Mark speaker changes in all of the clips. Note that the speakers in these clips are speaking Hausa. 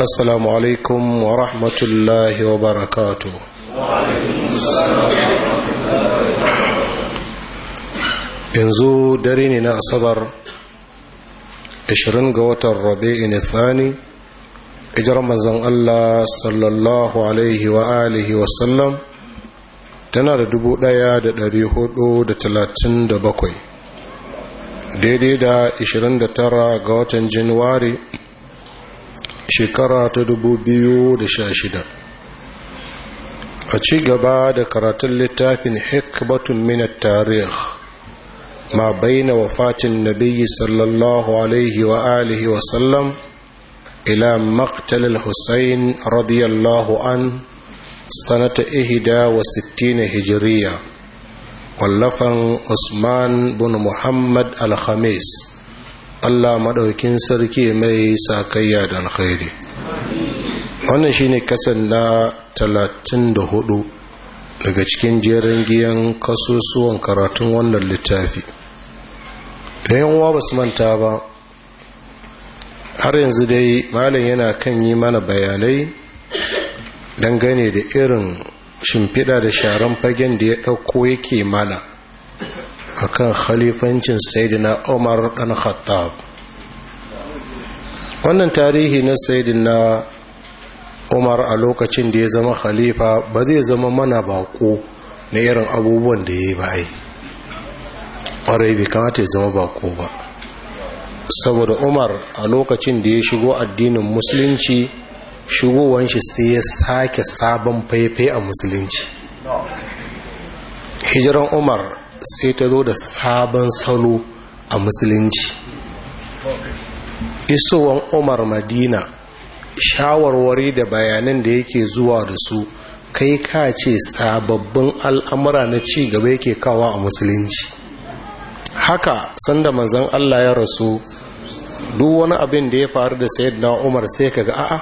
Speaker 1: assalamu alaikum wa rahmatullahi wa barakatu yanzu dare ne na asabar 20 ga watan rabi'in thani ijar mazan Allah sallallahu alaihi wa alihi tana da dubu ɗaya da da da talatin da bakwai, daidai da 29 ga watan januwari shekara ta shida. a ci gaba da karatun littafin hikbatun minat tarih ma baina wafatin nabiyyi sallallahu alaihi wa alihi wa sallam ila maktalil hussain radiyallahu an sanata ihida wa sittina hijiriya wallafan usman bin muhammad al-khamis Allah maɗaukin sarki mai sakayya da alkhairi wannan shine kasan na 34 daga cikin jerin giyan kasusuwan karatun wannan littafi idan yawa ba su manta ba har yanzu dai malam yana kan yi mana bayanai dangane da irin shimfiɗa da sharan fagen da ya ɗauko yake mana akan khalifancin sayyidina Umar dan Khattab wannan tarihi na sayyidina Umar a lokacin da ya zama khalifa ba zai zama mana bako na irin abubuwan da yayi ba ai ƙwarai bai kamata ya zama bako ba saboda Umar a lokacin da ya shigo addinin musulunci shigowan shi sai ya sake sabon faifai a musulunci hijiran Umar sai ta zo da sabon salo a musulunci isowan umar madina shawarwari da bayanan da yake zuwa da su kai ka ce sababbin al'amura na ci gaba yake kawa a musulunci haka sanda manzan allah ya rasu duk wani abin da ya faru da sayyidina umar sai kaga a'a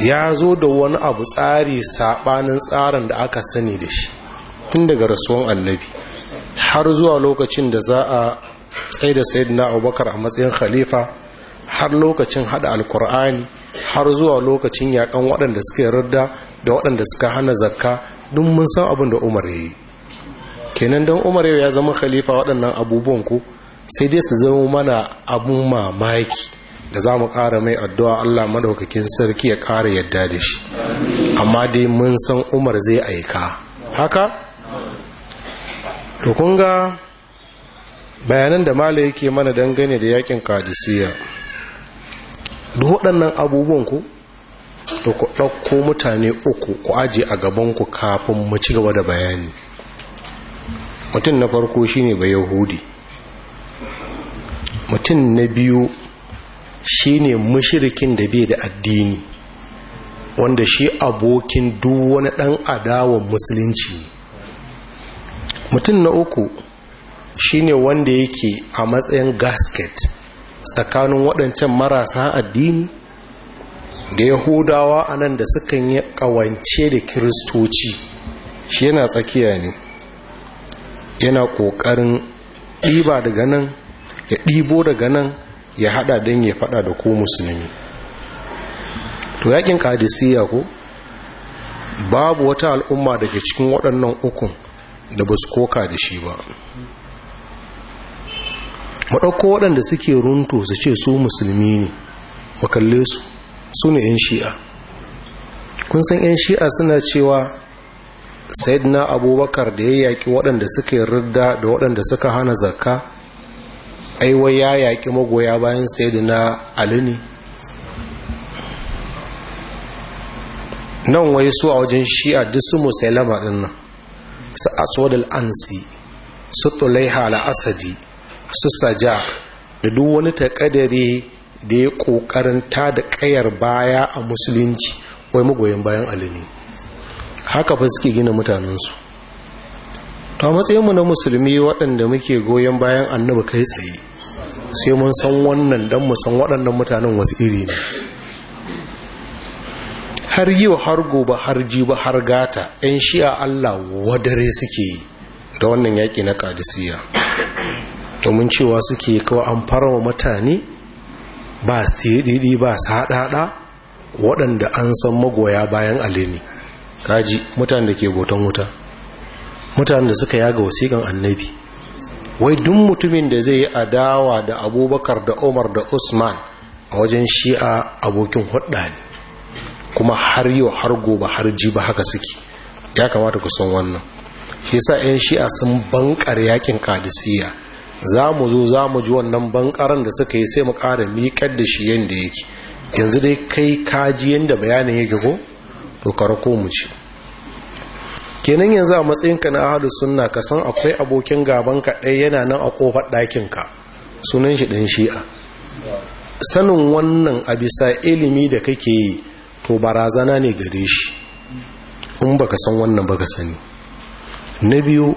Speaker 1: ya zo da wani abu tsari sabanin tsarin da aka sani da shi tun daga rasuwan annabi har zuwa lokacin da za a tsaye da na abubakar a matsayin khalifa har lokacin hada alkur'ani har zuwa lokacin yakan waɗanda suka yarda da waɗanda suka hana zakka duk mun san abin da umar ya yi kenan don umar ya zama khalifa waɗannan abubuwan ku sai dai su zama mana abun mamaki da za mu ƙara mai addu'a allah maɗaukakin sarki ya ƙara yadda da shi amma dai mun san umar zai aika haka to kun ga bayanan da mala yake mana dangane da yakin kadisiya duk waɗannan abubuwan ku to ku ɗauko mutane uku ku aje a gabanku kafin mu ci gaba da bayani mutum na farko shine ba yahudi mutum na biyu shine mushirikin da bai da addini wanda shi abokin duk wani ɗan adawan musulunci ne mutum na uku shine wanda yake a matsayin gasket tsakanin waɗancan marasa addini da yahudawa a nan da sukan yi ƙawance da kiristoci shi yana tsakiya ne yana ƙoƙarin ɗiba daga nan ya ɗibo daga nan ya haɗa don ya faɗa da ko musulmi to yakin ƙadisiyya ko babu wata al'umma da cikin waɗannan ukun da ba su koka da shi ba maɗauko waɗanda suke runto su ce su musulmi ne makalle su su ne 'yan shi'a kun san 'yan shi'a suna cewa said na abubakar da ya yaƙi waɗanda suka yi ridda da waɗanda suka hana zakka aiwa ya yaƙi magoya bayan na ali nan wai su a wajen shi'a duk su musulama ɗin nan su asodal ansi, su tulaiha asadi, su saja da duk wani takadare da ya kokarin ta da kayar baya a musulunci wai magoyin bayan alini haka fa suke gina mutanensu to a matsayinmu na musulmi waɗanda muke goyon bayan annabi kai tsaye sai mun san wannan don mu san waɗannan mutanen wasu iri ne har yau har gobe har ji ba har gata 'yan shi'a allah wadare suke da wannan yaƙi na kadisiya domin cewa suke kawai an wa mutane ba siɗiɗi ba saɗaɗa waɗanda an san magoya bayan aleni kaji mutane da ke boton wuta mutane da suka yaga wasiƙan annabi wai duk mutumin da zai yi adawa da abubakar da umar da usman a wajen shi'a abokin hudda ne kuma har yau har gobe har ji ba haka suke ya kamata ku san wannan shi sa 'yan shi'a sun bankar yakin kadisiya za mu zo za mu ji wannan bankaran da suka yi sai mu ƙara miƙar da shi yadda yake yanzu dai kai kaji yadda bayanin yake ko to ko mu ci kenan yanzu a matsayin ka na ahalu sunna ka san akwai abokin gaban ka ɗaya yana nan a kofar ɗakin ka sunan shi ɗan shi'a sanin wannan a bisa ilimi da kake yi to barazana ne gare shi in baka san wannan baka sani na biyu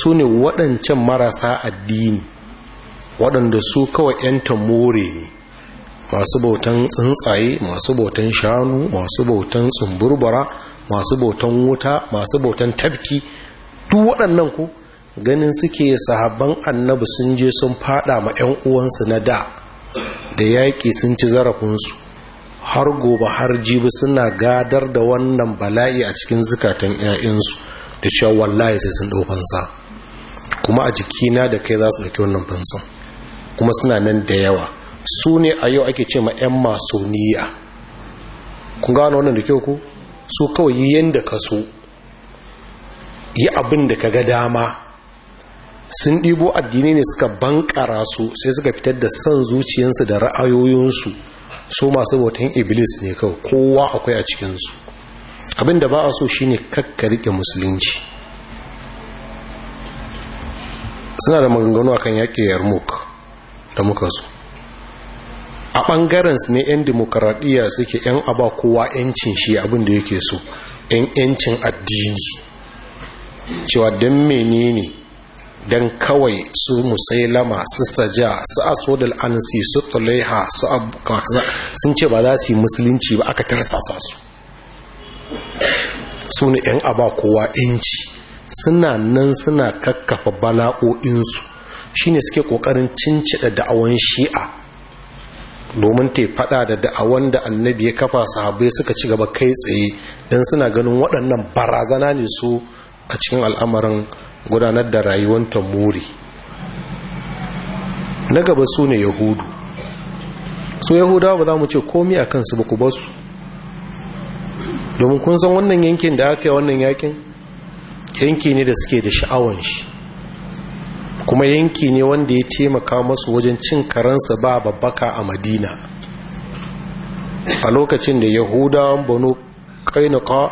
Speaker 1: su ne waɗancan marasa addini waɗanda su kawai yanta more ne masu bautan tsuntsaye masu bautan shanu masu bautan tsumburbara masu bautan wuta masu bautan tafki duk waɗannan ku ganin suke sahabban annabi sun je sun fada ma 'yan uwansu na da da yaƙi sun ci zarafinsu har gobe har jibi suna gadar da wannan bala'i a cikin zukatan 'ya'yansu da cewa wallahi sai sun ɗau kuma a jikina da kai za su ɗauki wannan fansa kuma suna nan da yawa su ne a yau ake ce ma 'yan masoniya kun gano wannan da kyau ku su kawai yi yadda ka so yi abin da ka ga dama sun ɗibo addini ne suka bankara su sai suka fitar da son zuciyarsu da ra'ayoyinsu su masu bautan iblis ne kawai kowa akwai a cikinsu abinda ba a so shine kakka rike musulunci suna da maganganu akan yaƙi yarmouk da muka so a ɓangaren su ne 'yan demokaradiyya suke 'yan aba kowa 'yancin shi abinda yake so 'yan 'yancin addini cewa don menene don kawai su musailama su saja su asodal ansi su tulaiha su sun ce ba za su yi musulunci ba aka tarsasa su su ne 'yan aba kowa inci suna nan suna kakkafa bala'o'insu shine suke kokarin cincida da'awan shi'a domin ta fada da da'awan da annabi ya kafa sahabbai suka ci gaba kai tsaye don suna ganin waɗannan barazana ne su a cikin al'amarin gudanar da rayuwanta muri na gaba su ne yahudu su yahudawa ba za mu ce komi a kansu ba ku ba domin kun san wannan yankin da aka yi wannan yakin yanki ne da suke da sha'awan shi kuma yanki ne wanda ya taimaka masu wajen cin karansa ba babbaka a madina a lokacin da yahudawan banu kainuka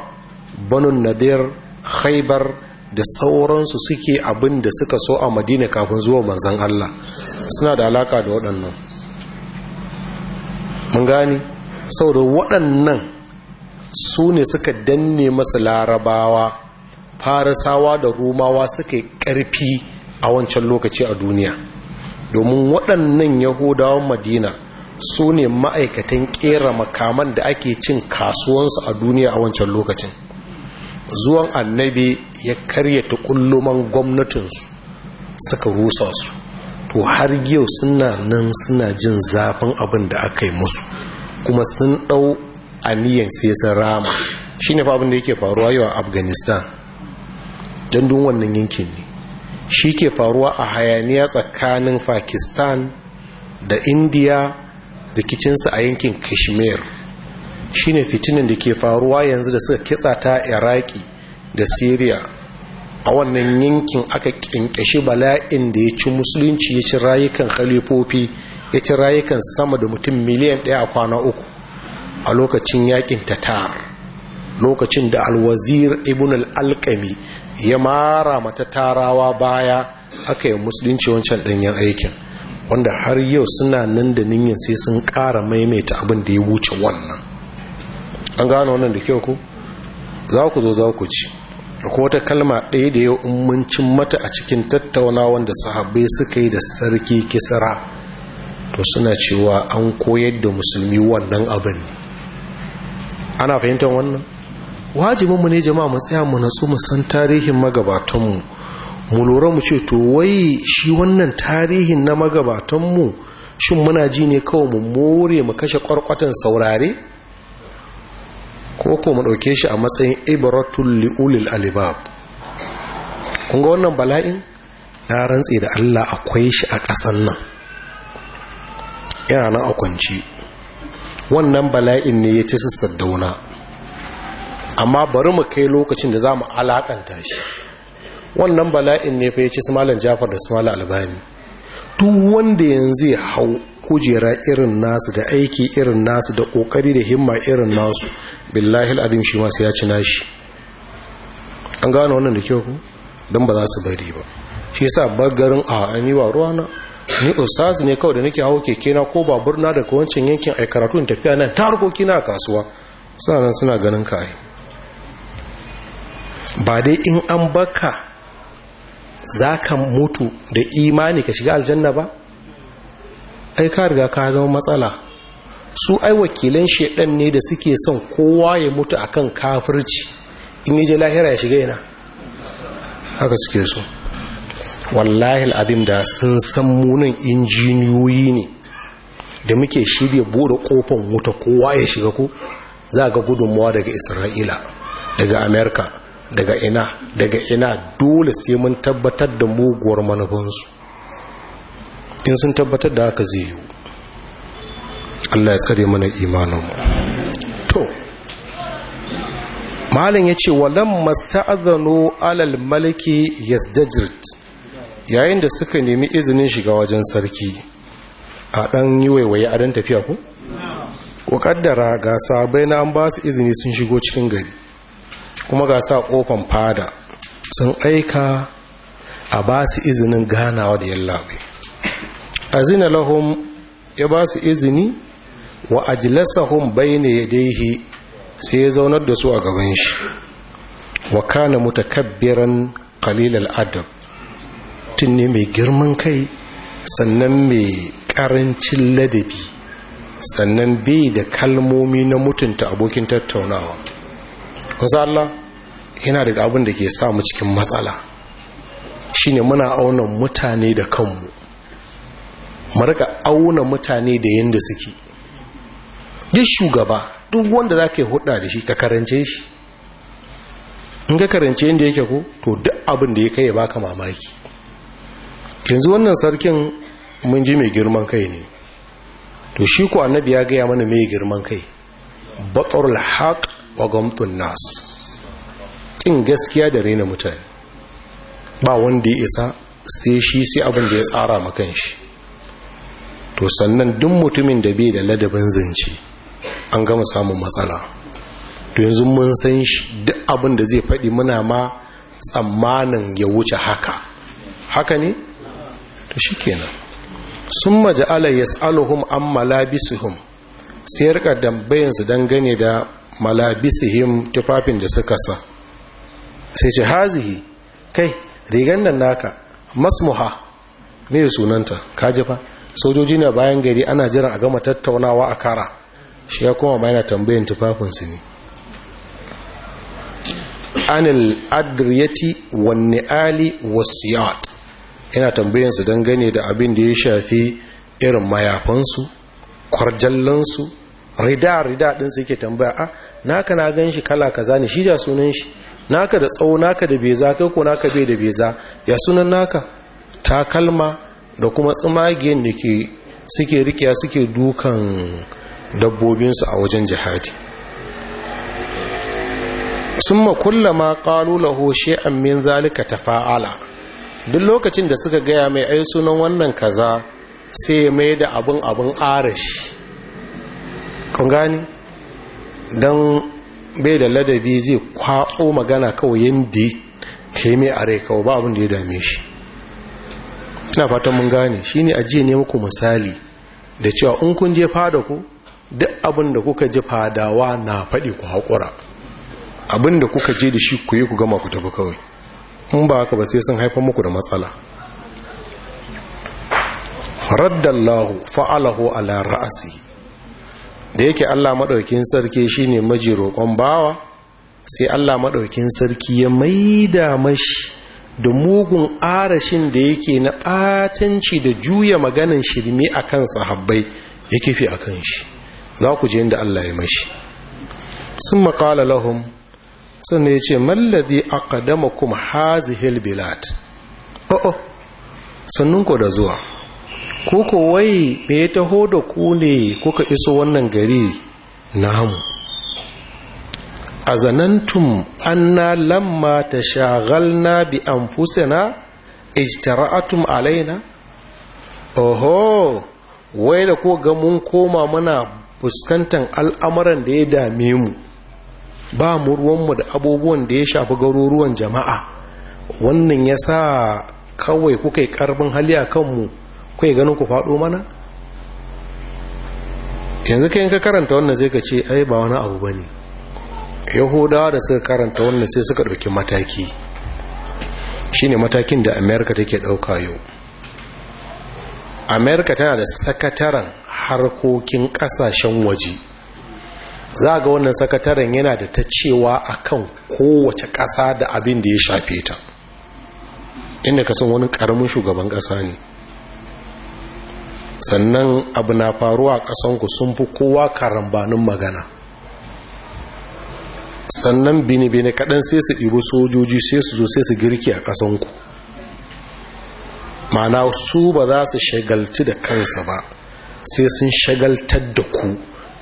Speaker 1: banu nadir haibar da sauransu suke abin da suka so a madina kafin zuwa manzan Allah suna da alaka da waɗannan mun gani saboda waɗannan su ne suka danne masu larabawa farisawa da rumawa suka yi ƙarfi a wancan lokaci a duniya domin waɗannan yahudawan madina su ne ma'aikatan ƙera makaman da ake cin kasuwansu a duniya a wancan lokacin zuwan annabi ya karyata kulluman gwamnatinsu suka rusa su to har yau suna nan suna jin zafin abin da aka yi musu kuma sun ɗau aniyan sai rama shi ne abin da yake faruwa yau a afghanistan don dun wannan yankin ne shi ke faruwa a hayaniya tsakanin pakistan da indiya rikicinsu a yankin kashmir shine fitinin da ke faruwa yanzu da suka kitsa ta iraki da syria a wannan yankin aka kinkashi bala'in da ya ci musulunci ya ci rayukan khalifofi ya ci rayukan sama da mutum miliyan ɗaya a kwana uku a lokacin yakin tatar lokacin da alwazir ibn Alkami ya mara mata tarawa baya aka yi musulunci wancan ɗanyen aikin wanda har yau suna nan da ninyin sai sun ƙara maimaita abin da ya wuce wannan an gano wannan da kyau ku za ku zo za ku ci ko wata kalma ɗaya da ya ummancin mata a cikin tattaunawan da sahabbai suka yi da sarki kisara, to suna cewa an koyar da musulmi wannan abin ana fahimtar wannan wajibinmu ne jama'a mu tsaya mu natsu mu san tarihin magabatanmu mu lura mu ce to wai shi wannan tarihin na magabatanmu shin muna ji ne kawai mu more mu kashe kwarkwatan saurare ko ko mu ɗauke shi a matsayin ibaratul li'ulil alibab kun ga wannan bala'in ya rantse da Allah akwai shi a ƙasan nan yana nan a kwanci wannan bala'in ne ya ci sassaddauna amma bari mu kai lokacin da za mu alaƙanta shi wannan bala'in ne fa ya ci malam jafar da malam albani duk wanda yanzu ya hau kujera irin nasu da aiki irin nasu da ƙoƙari da himma irin nasu billahi al'adim shi masu ya ci nashi an gane wannan da kyau don ba za su bari ba shi sa bagarin a ni ruwa na ni ustaz ne kawai da nake hawo keke na ko babur na daga wancan yankin aikaratu karatu in tafiya nan ta harkoki na kasuwa suna nan suna ganin kayi ba dai in an baka zaka mutu da imani ka shiga aljanna ba ai ka riga ka zama matsala su ai wakilan shedan ne da suke son kowa ya mutu akan kafirci in yaje lahira ya shiga ina haka suke so wallahi al'adim da sun san munin injiniyoyi ne da muke shirya bude kofan wuta kowa ya shiga ko za ga gudunmawa daga isra'ila daga amerika daga ina daga ina dole sai mun tabbatar da muguwar manufansu in sun tabbatar da haka zai yiwu Allah ya tsare mana imaninmu to malin ya ce walan masta'adhanu alal maliki yasdajirt yayin da suka nemi izinin shiga wajen sarki a ɗan yi waiwaye a dan tafiya ko ku kaddara ga sabai na an ba su izini sun shigo cikin gari kuma ga sa kofan fada sun aika a ba su izinin ganawa da yallabe azina lahum ya ba su izini wa ajlasahum bayna yadayhi sai ya zaunar da su a gaban shi wa kana mutakabbiran qalil al-adab tunne mai girman kai sannan mai karancin ladabi sannan bai da kalmomi na mutunta abokin tattaunawa kusa Allah yana daga abin da ke sa mu cikin matsala shine muna auna mutane da kanmu mu rika auna mutane da yanda suke duk shugaba duk wanda za ka yi hudda da shi ka karance shi in ka karance inda yake ko to duk abin da ya kai ya baka mamaki yanzu wannan sarkin mun ji mai girman kai ne to shi ku annabi ya gaya mana mai girman kai batarul haq wa gamtun nas kin gaskiya da rena mutane ba wanda ya isa sai shi sai abin da ya tsara ma kanshi to sannan duk mutumin da bai da ladabin zance an gama samun matsala to yanzu mun san shi duk abin da zai faɗi muna ma tsammanin ya wuce haka haka ne to shi kenan sun maja'ala ya tsaluhun an malabisuhun sai ya rika dambayinsu dangane da malabisuhun tufafin da suka sa sai ce hazihi kai rigan nan naka masmuha mai sunanta kaji fa sojoji na bayan gari ana jiran a gama tattaunawa a kara shi ya kuma bayana tambayin tufafinsu ne anil adriyati wan ali wasiyat yana tambayin su dangane da abin da ya shafi irin mayafansu kwarjallansu rida rida ɗin su yake tambaya a ah, naka na gan shi kala kaza ne shi ja sunan shi naka da tsawo naka da beza kai ko naka bai da beza ya sunan naka takalma da kuma tsumagiyan da suke rikiya suke dukan dabbobinsu a wajen jihadi sun makulla ma ƙalu lahu amin zalika ta fa'ala duk lokacin da suka gaya mai ai sunan wannan kaza sai mai da abin abin arashi kun gani don bai da ladabi zai kwatso magana kawai yadda ta mai a rai kawai ba abun da ya dame shi ina fatan mun gane shi ne ajiye ne muku misali da cewa in kun je fada ku duk abin da kuka ji fadawa na faɗi ku haƙura abin da kuka je da shi ku yi ku gama ku tafi kawai in ba haka ba sai sun haifar muku da matsala faraddallahu fa'alahu ala ra'asi da yake Allah maɗaukin sarki shine maji roƙon bawa sai Allah maɗaukin sarki ya maida mashi da mugun arashin da yake na ɓatanci da juya maganin shirme a akan sahabbai ya kifi a kan shi za ku je inda Allah ya mashi sun makala lahum sannan ya ce mallazi dama kuma hazihil bilad o'o oh, oh, sannun ko da zuwa ko ko wai me ya taho da ku ne kuka iso wannan gari namu azanantum anna lamma ta na bi anfusina ijtara'atum alaina oho wai da ko ga mun koma muna fuskantar al'amuran da ya dame mu ba mu ruwanmu da abubuwan da ya shafi garuruwan jama'a wannan ya sa kawai kuka yi karbin hali a kanmu kai ganin ku faɗo mana yanzu kai ka karanta wannan zai ka ce ai ba wani abu ba ne yahudawa da suka karanta wannan sai suka ɗauki mataki shine matakin da amerika take ɗauka yau amerika tana da sakataren harkokin ƙasashen waje za ga wannan sakataren yana da ta cewa a kan kowace ƙasa da abin da ya shafe ta inda ka wani karamin shugaban ƙasa ne sannan abu na faruwa ƙasanku sun fi kowa karambanin magana sannan bini-bini kaɗan sai su ɗibi sojoji sai su zo sai su girki a ƙasanku ma'ana su ba za su shagalci da kansa ba sai sun shagaltar da ku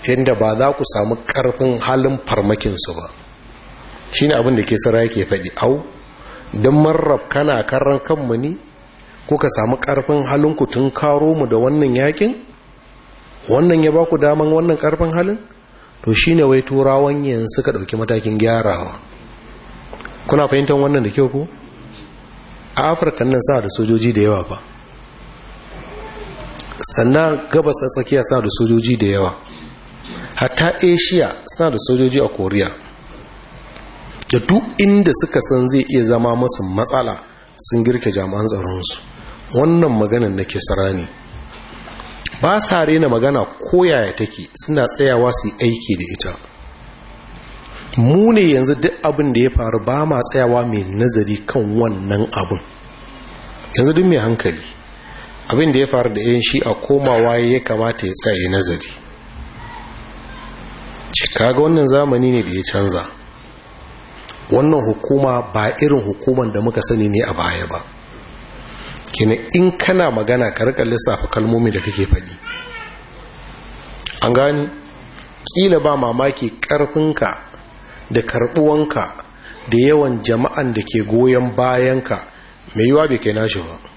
Speaker 1: yadda ba za ku samu karfin halin farmakinsu ba shi ne abin ke sara yake faɗi au don marrab kana karan kanmu ne kuka samu karfin halinku tun karo mu da wannan yakin wannan ya ba ku daman wannan karfin halin to shi ne wai turawan yin suka ɗauki matakin gyarawa kuna fahimtar wannan da kyau ku a afirka nan sa da sojoji da yawa ba sannan gabas tsakiya suna da sojoji da yawa hatta asia suna da sojoji a koriya da duk inda suka san zai iya zama masu matsala sun girke jami'an tsaronsu wannan maganan na kisara ne ba sa rena magana koyaya take suna tsayawa su yi aiki da ita mu ne yanzu duk abin da ya faru ba ma tsayawa mai nazari kan wannan abin yanzu duk mai hankali abin da ya faru da yan shi a komawa ya kamata ya tsaye nazari ga wannan zamani ne da ya canza wannan hukuma ba irin hukuman da muka sani ne a baya ba kina in kana magana ka rika lissafa kalmomi da kake faɗi an gani kila ba mamaki ƙarfinka da karbuwanka da yawan jama'an da ke goyon bayanka mai yiwa bai kai nashi ba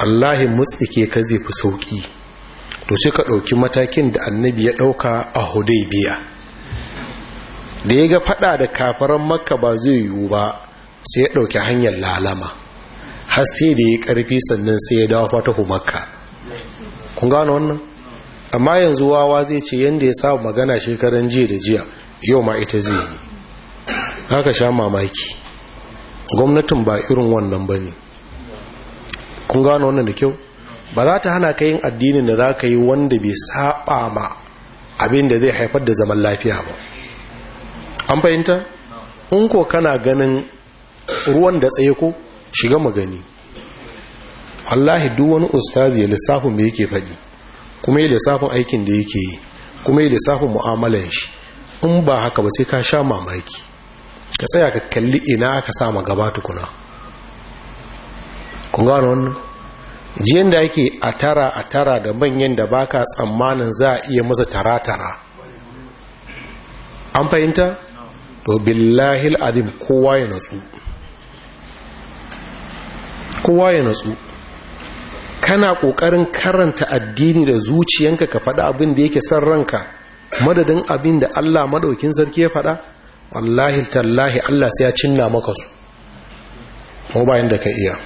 Speaker 1: wallahi mutsike ka zai fi sauki to sai ka ɗauki matakin da annabi ya ɗauka a hudaybiya da ya ga fada da kafaran makka ba zai yiwu ba sai ya ɗauki hanyar lalama har sai da ya ƙarfi sannan sai ya dawo fatahu makka kun gano wannan amma yanzu wawa zai ce yadda ya sa magana shekaran jiya da jiya yau ma ita zai yi haka sha mamaki gwamnatin ba irin wannan ba ne kun gano wannan da kyau ba za ta hana ka yin addinin da za ka yi wanda bai saba ma abin da zai haifar da zaman lafiya ba an fahimta in ko kana ganin ruwan da tsaye ko shiga magani allahi duk wani ustazi ya lissafin me yake faɗi kuma ya lissafin aikin da yake yi kuma ya lissafin mu'amalan shi in ba haka ba sai ka sha mamaki ka tsaya ka kalli ina aka sa ma gaba tukuna kun gano wannan jiyan da ake a tara a tara da manyan da baka tsammanin za a iya masa tara-tara an fahimta to billahi al’adim kowa ya natsu kowa ya natsu kana ƙoƙarin karanta addini da zuciyanka ka faɗa abin da yake san ranka madadin abin da Allah maɗaukin sarki ya faɗa wallahi tallahi Allah sai ya cinna maka su ko bayan da ka iya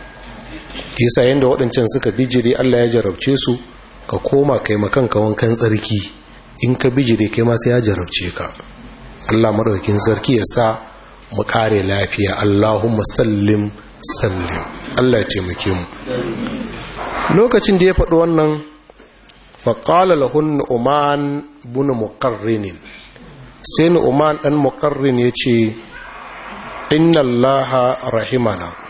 Speaker 1: Yasa yadda waɗancan suka bijire Allah ya jarabce su ka koma kai kawon wankan tsarki in ka bijire kai masu ya jarabce ka Allah maɗaukin sarki ya sa mu ƙare lafiya Allahumma sallim sallim Allah ya taimake mu lokacin da ya faɗi wannan faƙala lahun buna bin sai nu'man ɗan muƙarrin ya ce inna allaha rahimana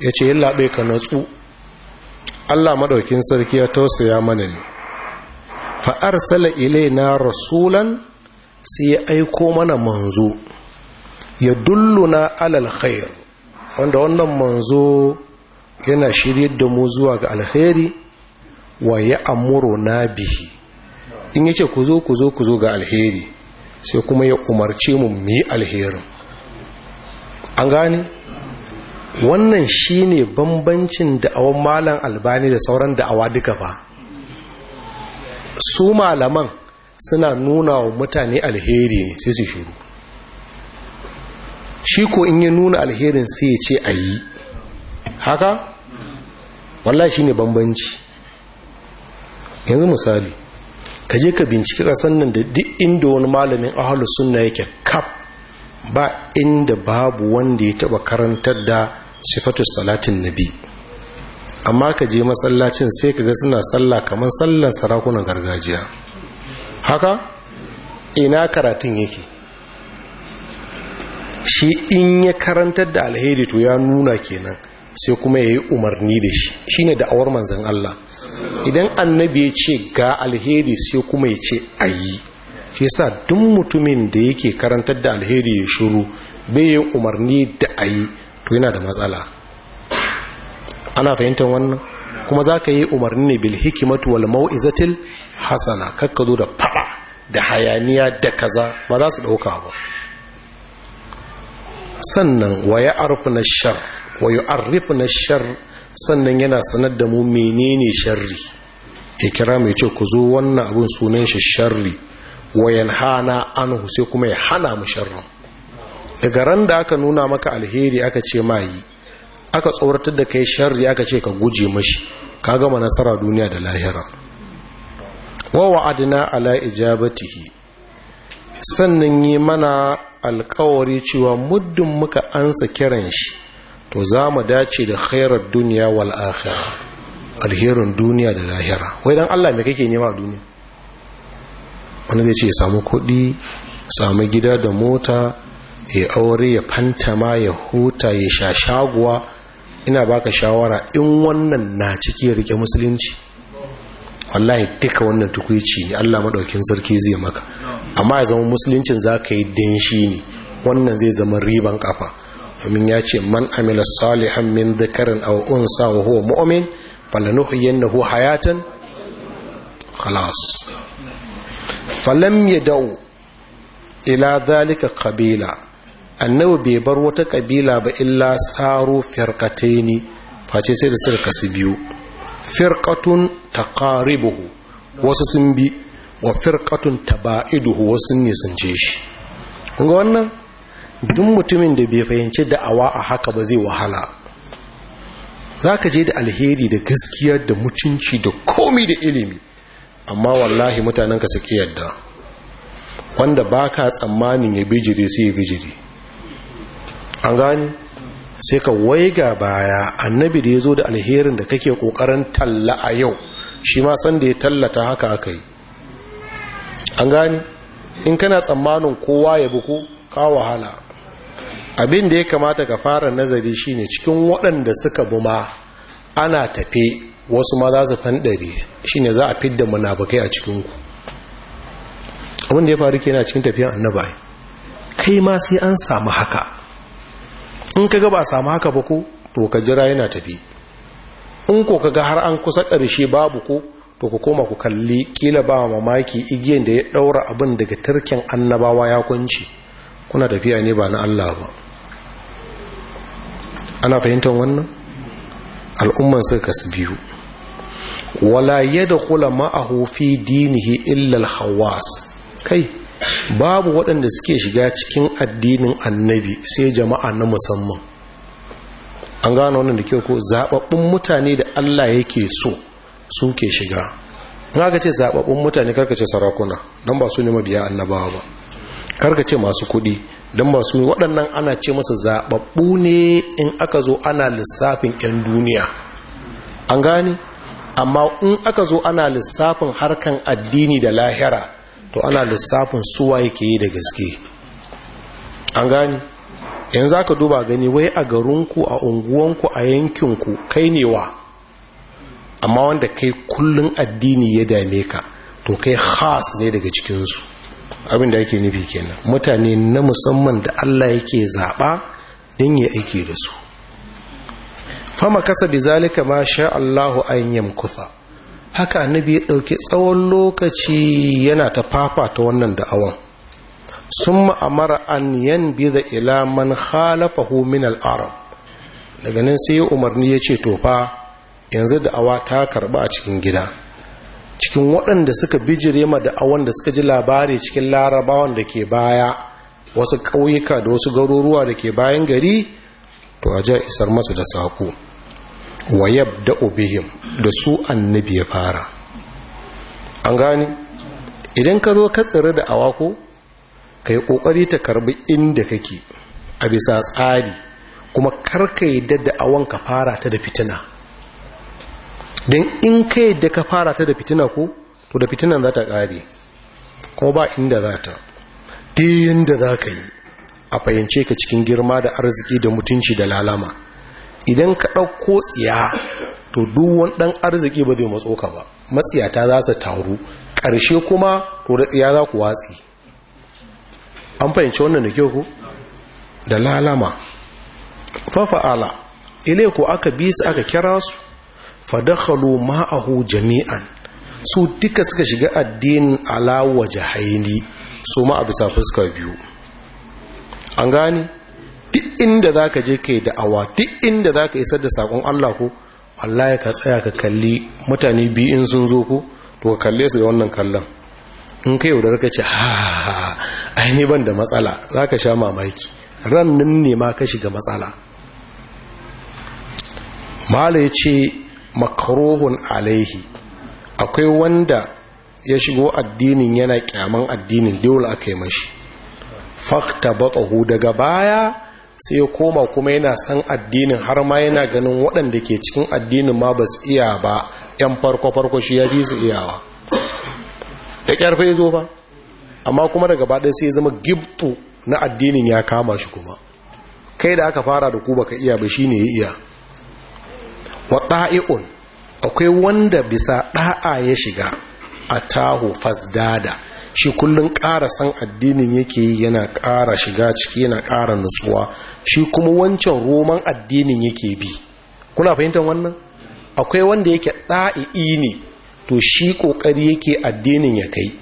Speaker 1: ya ce yin laɓe ka natsu allah maɗaukin sarki ya tausaya mana ne fa'ar sala ilai na rasulan sai ya aiko mana manzo ya dulluna alal khair wanda wannan manzo yana shirye da mu zuwa ga alheri wa ya amuro na bihi in yace ku zo ku zo ku zo ga alheri sai kuma ya umarce mu mu yi alherin an gane wannan shine bambancin da'awan malam albani da sauran da'awa duka ba su malaman suna nuna wa mutane alheri ne sai su shuru shi ko in yi nuna alherin sai ya ce a yi haka wallah shine bambanci yanzu misali ka je ka binciki kasan nan da duk inda wani malamin ahalus sunna yake kaf ba inda babu wanda ya taba karantar da sifatu salatin nabi amma ka je masallacin sai ka ga suna sallah kamar sallar sarakunan gargajiya haka ina karatun yake shi in ya karantar da alheri to ya nuna kenan sai kuma ya yi umarni da shi shine da'awar manzan Allah idan annabi ya ce ga alheri sai kuma ya ce a yi shi sa duk mutumin da yake karantar da alheri ya shuru bai yin umarni da a yi to yana da matsala ana fahimtar wannan kuma za ka yi umarni ne bil hikimatu wal mau'izatil hasana kakka zo da faɗa, da hayaniya da kaza ba za su dauka ba sannan wa ya na shar wa ya na shar sannan yana sanar da mu menene sharri ya kira mai ce ku zo wannan abin sunan shi sharri wa hana anhu sai kuma ya hana mu sharrin daga ran da aka nuna maka alheri aka ce ma yi aka tsoratar da kai sharri aka ce ka guje mashi ka gama nasara duniya da lahira wa adina ala ijabatihi sannan yi mana alkawari cewa muddin muka ansa kiran shi to za mu dace da khairar duniya wal akhira alherin duniya da lahira wai dan Allah me kake nema a duniya wani zai ce ya samu kuɗi samu gida da mota ya aure ya fantama ya huta ya sha shaguwa ina baka shawara in wannan na ciki rike musulunci wallahi duka wannan tukwici ne Allah madaukin sarki zai maka amma ya zama musuluncin zaka yi dinshi ne wannan zai zama riban kafa domin ya ce man amila salihan min dhakarin aw unsa wa huwa mu'min huwa hayatan khalas falam dau. ila dhalika kabila. annabi bai bar wata kabila ba illa saro ne. face sai da suka kasu biyu ta taqaribuhu wasu sun bi wa ta taba'iduhu wasu ne sun ce shi ga wannan duk mutumin da bai fahimci da'awa a haka ba zai wahala Za ka je da alheri da gaskiya da mutunci da komi da ilimi amma wallahi mutanen ka suke yadda wanda baka tsammanin ya bijire sai ya bijire an gani sai ka waiga baya annabi da ya zo da alherin da kake kokarin talla a yau shi ma san da ya tallata haka aka yi an gani in kana tsammanin kowa ya buku ka wahala abin da ya kamata ka fara nazari shine cikin waɗanda suka buma ana tafe wasu ma za su fandare shine za a fidda munafukai a cikinku abin da ya faru kenan cikin tafiyan annabi kai ma sai an samu haka in ka ga ba samu haka ba ko to ka jira yana tafi in ko ka ga har an kusa ƙarshe babu ko to ku koma ku kalli kila ba mamaki igiyan da ya ɗaura abin daga tarkin annabawa ya kunci kuna tafiya ne ba na Allah ba ana fahimtar wannan al'umman suka kasu biyu wala kula ma'ahu fi dinihi illal hawas kai babu waɗanda suke shiga cikin addinin annabi sai jama'a na musamman an gano wannan da kyau ko zaɓaɓɓun mutane da allah yake so su ke shiga na ga ce zaɓaɓɓun mutane karkace sarakuna don ba su ne mabiya annabawa ba karkace masu kuɗi don ba su ne waɗannan ana ce masa zaɓaɓɓu ne in aka zo ana lissafin 'yan duniya an gane amma in aka zo ana lissafin harkan addini da lahira to ana lissafin suwa yake yi da gaske an gani yanzu za duba gani wai a garinku a unguwanku a yankinku kai ne wa amma wanda kai kullun addini ya dame ka to kai khas ne daga cikinsu abin da ake nufi kenan mutane na musamman da allah yake zaɓa don ya aiki da su fama kasa bi zalika ma sha allahu an kusa. haka annabi ya ɗauki tsawon lokaci yana ta fafa ta wannan da'awan sun ma'amara an yan biza ila man khalafahu min al'arab daga nan sai umarni ya ce tofa yanzu da'awa ta karba a cikin gida cikin waɗanda suka bijire ma da'awan da suka ji labari cikin larabawan da ke baya wasu ƙauyuka da wasu garuruwa da ke bayan gari to a ja isar masu da saƙo wa yabda obihim da su annabi ya fara an gani idan ka zo ka tsira da awako ka yi ƙoƙari ta karbi inda kake a bisa tsari kuma karka yadda da awon ka fara ta da fitina don in ka yadda ka fara ta da fitina ko to da fitinan za ta kare, kuma ba inda za ta da za ka yi a fahimce ka cikin girma da arziki da mutunci da lalama idan ka ɗauko tsiya to duwan ɗan arziki ba zai matso ka ba matsiyata za su taru ƙarshe kuma to da tsiya za ku watsi an fahimci wannan da kyau ku da lalama fafa'ala ile ku aka bi su aka kira su fadakhalu ma'ahu jami'an su duka suka shiga addinin ala wajahaini su ma a bisa fuska biyu an gani duk inda za ka je ka yi da'awa duk inda za ka isar da sakon Allah ko wallahi ka tsaya ka kalli mutane biyu in sun zo ko to ka kalle su da wannan kallon in ka yaudar ka ce ha ban da matsala za ka sha mamaki ran nan ne ma ka shiga matsala mala ya ce makarohun alaihi akwai wanda ya shigo addinin yana kyaman addinin dole aka yi mashi fakta batsahu daga baya sai ya koma kuma yana san addinin har ma yana ganin waɗanda ke cikin addinin ma ba su iya ba ‘yan farko-farko shi ya fi su iyawa da ƙarfe zo ba amma kuma daga baɗin sai ya zama gibbu na addinin ya kama shi kuma kai da aka fara da ku baka iya ba shi ne ya iya wa ɗa'i'un akwai wanda bisa ɗa'a ya shiga a taho fasdada shi kullum ƙara san addinin yake yi yana ƙara shiga ciki yana ƙara nutsuwa shi kuma wancan roman addinin yake bi kuna fahimtar wannan akwai wanda yake ɗa'i'i ne to shi ƙoƙari yake addinin ya kai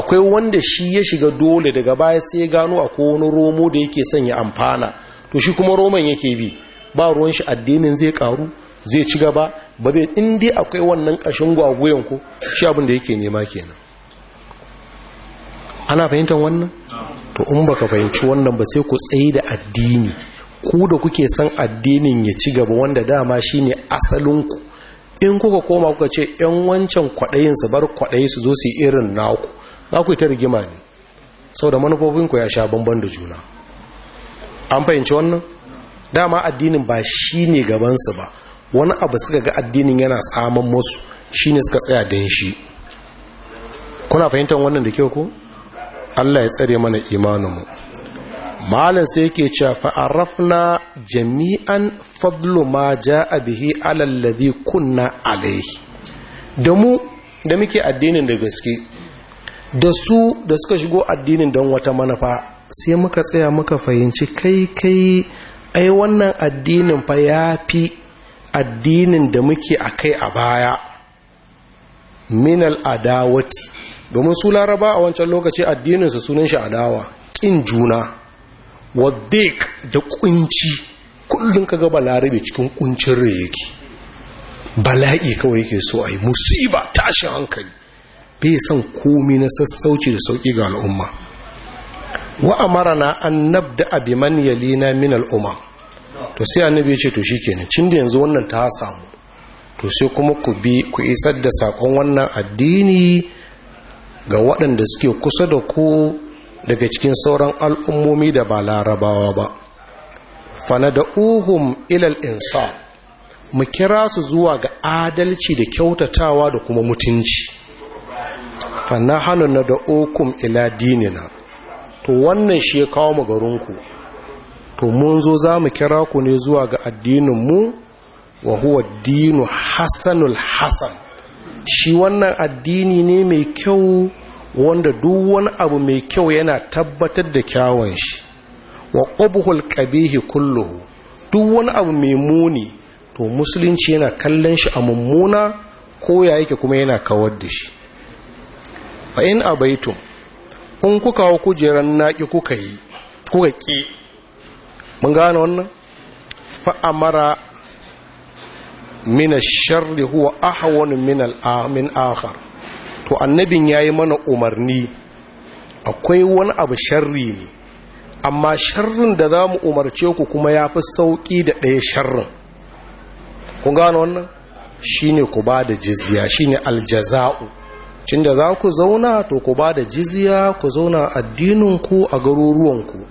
Speaker 1: akwai wanda shi ya shiga dole daga baya sai ya gano a wani romo da yake son ya amfana to shi kuma roman yake bi ba ruwan shi addinin zai karu zai ci gaba ba zai inda akwai wannan ƙashin gwagwayen ko shi abin da yake nema kenan ana fahimtar wannan to in baka fahimci wannan ba sai ku tsaye da addini ku da kuke san addinin ya ci gaba wanda dama shine asalinku in kuka koma kuka ce yan wancan kwaɗayin su bar kwaɗayi su zo su irin naku za ku yi ta rigima ne saboda manufofinku ya sha bamban da juna an fahimci wannan dama addinin ba shi ne gabansu ba wani abu suka ga addinin yana saman musu shi ne suka tsaya dan shi kuna fahimtar wannan da kyau ko? Allah ya tsare mana imaninmu malam sai yake cewa arafna jami'an fadlu ma ja'a bihi alal kunna alaihi da mu da muke addinin da gaske da su da suka shigo addinin don wata manufa sai muka tsaya muka fahimci kai kai ai wannan addinin fa ya fi addinin da muke a kai a baya minal adawati domin su laraba a wancan lokaci addininsa sunan shi adawa ƙin juna waddik da kunci kullum kaga balarabe cikin ƙuncin rai yake bala'i kawai yake so a yi musiba tashin hankali bai san komi na sassauci da sauƙi ga al'umma wa amara na an nabda abi man yalina min al'umma to sai annabi ya ce to shi cin da yanzu wannan ta samu to sai kuma ku bi ku isar da sakon wannan addini ga waɗanda suke kusa da ku daga cikin sauran al'ummomi da ba larabawa ba fana da uhum ilal insa mu kira su zuwa ga adalci da kyautatawa da kuma mutunci fana hannun na da okum ila dinina to wannan shi ya kawo mu garinku to mun zo za mu kira ku ne zuwa ga addininmu wa huwa dinu hassanul hassan shi wannan addini ne mai kyau wanda duk wani abu mai kyau yana tabbatar da kyawun shi wa ƙobuhul ƙabihi kulluhu duk wani abu mai muni to musulunci yana kallon shi a mummuna ko ya yake kuma yana kawar da shi fa’in abaitum in kuka wa kujerar naƙi kuka yi kuka ƙi mun gane wannan fa'amara min sharri huwa ahwan min al-amin akhar to annabin yayi mana umarni akwai wani abu sharri ne amma sharrin da zamu umarce ku kuma yafi sauki da ɗaya sharrin ku gano wannan shine ku bada jizya shine aljaza'u cinda za ku zauna to ku bada jizya ku zauna addinin ku a garuruwan ku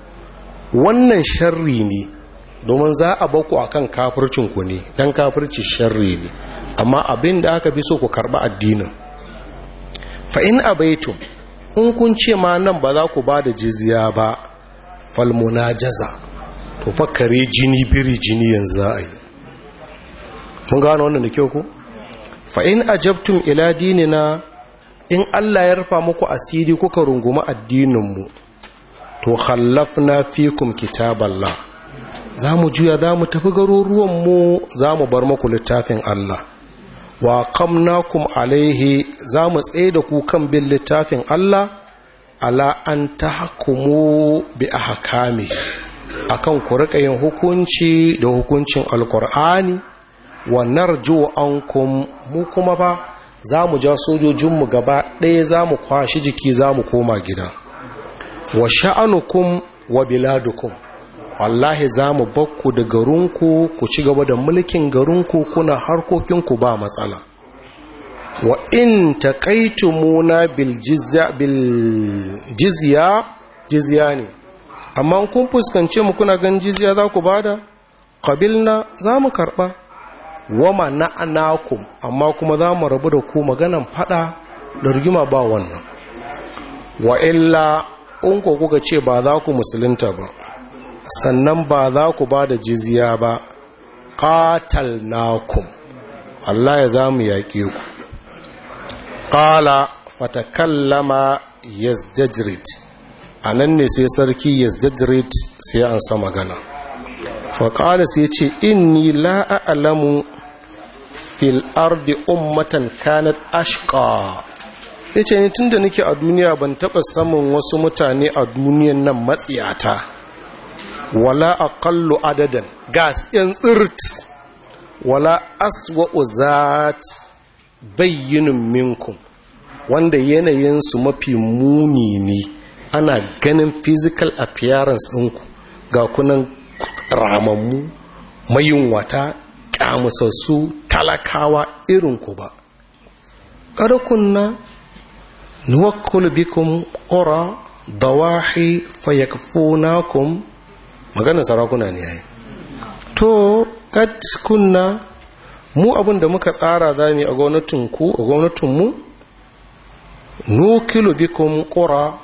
Speaker 1: wannan sharri ne domin za a baku kan kafircin ku ne dan kafirci sharri ne amma abin da aka fi so ku karba addinin fain a baitun in kun ce ma nan ba za ku ba da jiziya ba jaza. to fakare jini biri jini yanzu za a yi mun gano wannan da kyau ku fa’in in ajabtum ila na in Allah ya rufa muku asiri kuka runguma addininmu to kum fikum kitaballah za mu juya za mu tafi garuruwanmu za mu bar maku littafin Allah wa kamnakum alaihi za mu tsaye da ku kan bin littafin Allah ala an ta mu bi a hakami a kan ku rika yin hukunci da hukuncin alkur'ani wa narju an mu kuma ba za mu ja sojojinmu gaba ɗaya za mu kwashi jiki za mu koma gida wa sha'anukum wa biladukum wallahi za mu bakku da garinku ku ci gaba da mulkin garinku kuna harkokinku ba matsala wa in ta bil Muna bil jizya ne amma kun fuskanci mu kuna gan jizya za ku bada qabilna za mu karba wama na'anakum amma kuma za mu rabu da ku maganan faɗa? da rigima ba wannan wa illa in ko kuka ce ba za ku musulunta ba sannan ba za ku ba da jiziya ba ƙatal nakum Allah ya za mu yaƙe ku ƙala fatakallama yazdajrit a nan ne sai sarki yazdajrit sai an sa magana faƙala sai ce inni la'alamu fil ardi ummatan kanat ashqa ya ce ni tun da nake a duniya ban taɓa samun wasu mutane a duniyan nan matsiyata wala aqallu adadan gas in tsirt wala aswa uzat bayyinun minkum wanda yanayin su mafi muni ne ana ganin physical appearance ɗinku ga kunan ramammu mayunwata ƙyamusassu talakawa ku ba ƙarukunna nuwakul bikum ƙura dawahi fayakfunakum maganar sarakuna ne yayi to kat kunna mu abin da muka tsara zamu a gwamnatin ku a gwamnatin mu nukilu bikum qura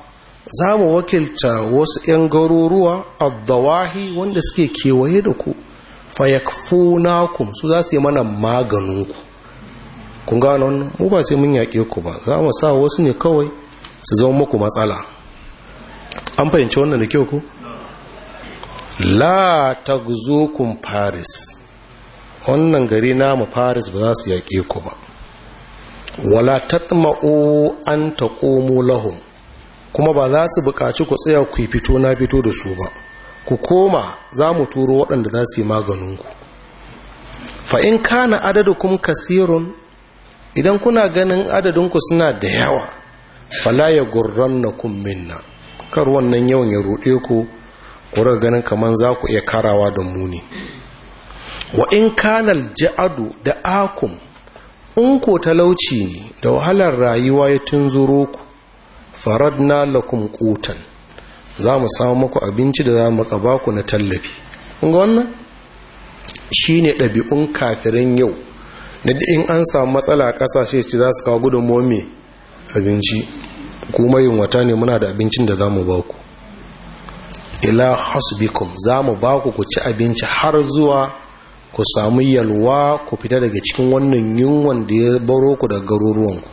Speaker 1: za mu wakilta wasu 'yan garuruwa dawahi wanda suke kewaye da ku fayakfunakum su za su yi mana maganinku kun gano wannan mu ba sai mun yaƙe ku ba za mu sa wasu ne kawai su zama muku matsala an fahimci wannan da kyau ku la kun faris wannan gari namu faris ba za su yaƙe ku ba wala tatma'u an ta komo lahum kuma ba za su buƙaci ku tsaya ku fito na fito da su ba ku koma za mu turo waɗanda za su yi maganinku fa in kana kum kasirun idan kuna ganin adadinku suna da yawa fala ya gurrannakum minna kar wannan yawan ya ruɗe ku kura ganin kamar za ku iya karawa da mu ne wa in kanal ja'adu da akum in ko talauci ne da wahalar rayuwa ya tunzuro ku faradna lakum qutan za mu samu muku abinci da za mu kaba ku na tallafi kun ga wannan shine ɗabi'un kafirin yau da in an samu matsala a ƙasashe shi za su kawo gudunmuwan abinci kuma yin wata ne muna da abincin da za mu ba ku ila hasbikum za mu ba ku ku ci abinci har zuwa ku samu yalwa ku fita daga cikin wannan yunwan da ya baro ku daga garuruwanku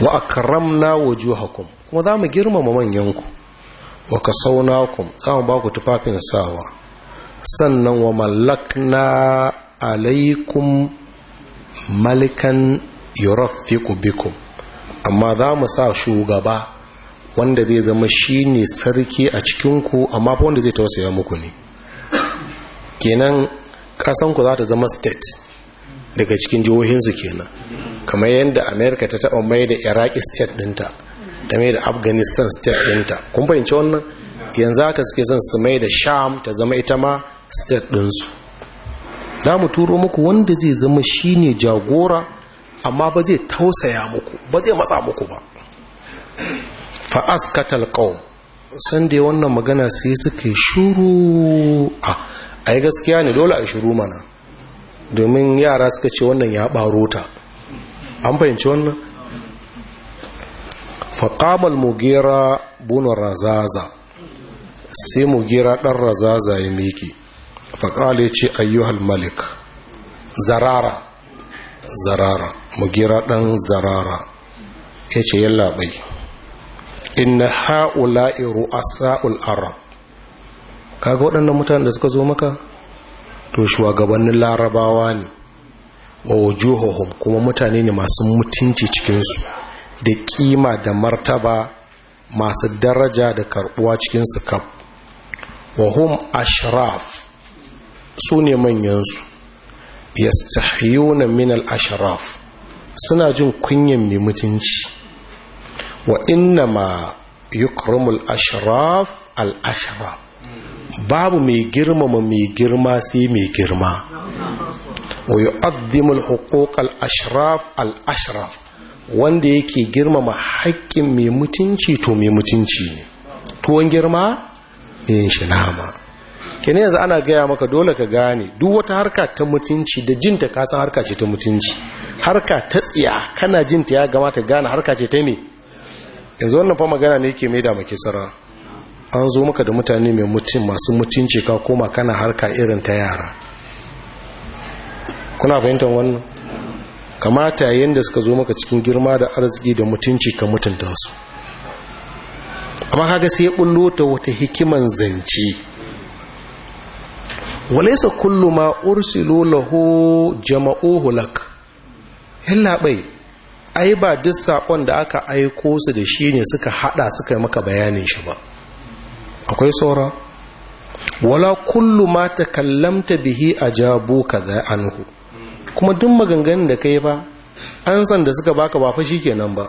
Speaker 1: wa akramna wujuhakum kuma za mu girmama manyanku wa kasawnakum za mu ba ku tufafin sawa sannan wa mallakna alaikum malikan yurafiqu bikum amma za mu sa shugaba wanda zai zama shi ne sarki a cikinku amma fa wanda zai tausaya muku ne kenan kasanku za ta zama state daga cikin jihohinsu kenan kamar yadda america ta taɓa mai da iraki state ɗinta ta mai da afghanistan state ɗinta kun fahimci wannan yanzu haka suke son su mai da sham ta zama ita ma state ɗinsu za mu turo muku wanda zai zama shine jagora amma ba zai tausaya muku ba zai matsa muku ba fa'askatal ƙaun san dai wannan magana sai suke shuru a ai gaskiya ne dole a shuru mana domin yara suka ce wannan ya ɓaro ta an fahimci wannan faƙamal mugera bunar razaza sai mugera ɗan razaza ya miki faƙal ya ce ayyuhal malik zarara zarara mugera ɗan zarara ya ce yallaɓai inna ha'ula'i ru'asa'ul arab kaga waɗannan mutanen da suka zo maka to shugabannin larabawa ne wa wujuhuhum kuma mutane ne masu mutunci cikinsu da kima da martaba masu daraja da karbuwa cikinsu kaf wa hum ashraf su ne manyansu yastahiyuna min al ashraf suna jin kunyan mai mutunci wa inna ma yukramul ashraf al ashraf babu mai girmama mai girma sai mai girma wa yu'addimul huquq al ashraf al ashraf wanda yake girmama haƙƙin mai mutunci to mai mutunci ne tuwon girma yin shi nama kene yanzu ana gaya maka dole ka gane duk wata harka ta mutunci da jinta kasan harka ce ta mutunci harka ta tsiya kana jinta ya gamata gane harka ce ta ne? yanzu wannan fa magana ne yake maida da maki tsara an zo maka da mutane mai mutum masu mutunci ka koma kana harka irin ta yara kuna fahimtar wannan kamata yayin da suka zo maka cikin girma da arziki da mutunci ka mutunta su amma kaga sai ya bullo ta wata hikiman zance walaysa kullu ma ursilu lahu jama'uhu lak illa bai ai ba duk saƙon da aka aiko su da shi ne suka haɗa suka yi maka bayanin shi ba akwai saura wala kullu ma takallamta bihi ajabu kaza anhu kuma duk maganganun da kai ba an san da suka baka ba fa kenan ba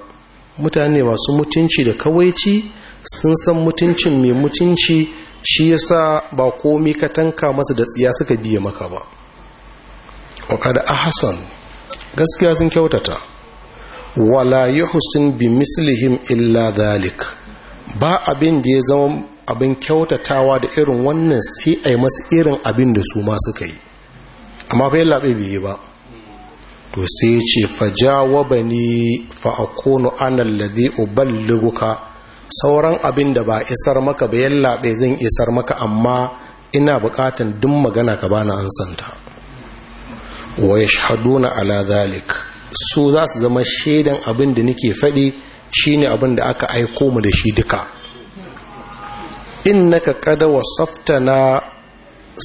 Speaker 1: mutane masu mutunci da kawaici sun san mutuncin mai mutunci shi yasa ba komai ka tanka masa da tsiya suka biya maka ba wa kada ahsan gaskiya sun kyautata wala yuhsin bi mislihim illa dhalik ba abin da ya zama abin kyautatawa da irin wannan sai a yi masu irin abin da su ma suka yi amma fa yalla bai yi ba to sai ya ce ba ni fa akunu ana alladhi uballighuka sauran abin da ba isar maka ba yalla bai zan isar maka amma ina bukatan duk magana ka bana ansanta wa yashhaduna ala zalik. su za su zama shaidan abin da nake faɗi shine abin da aka aiko mu da shi duka innaka qad wasaftana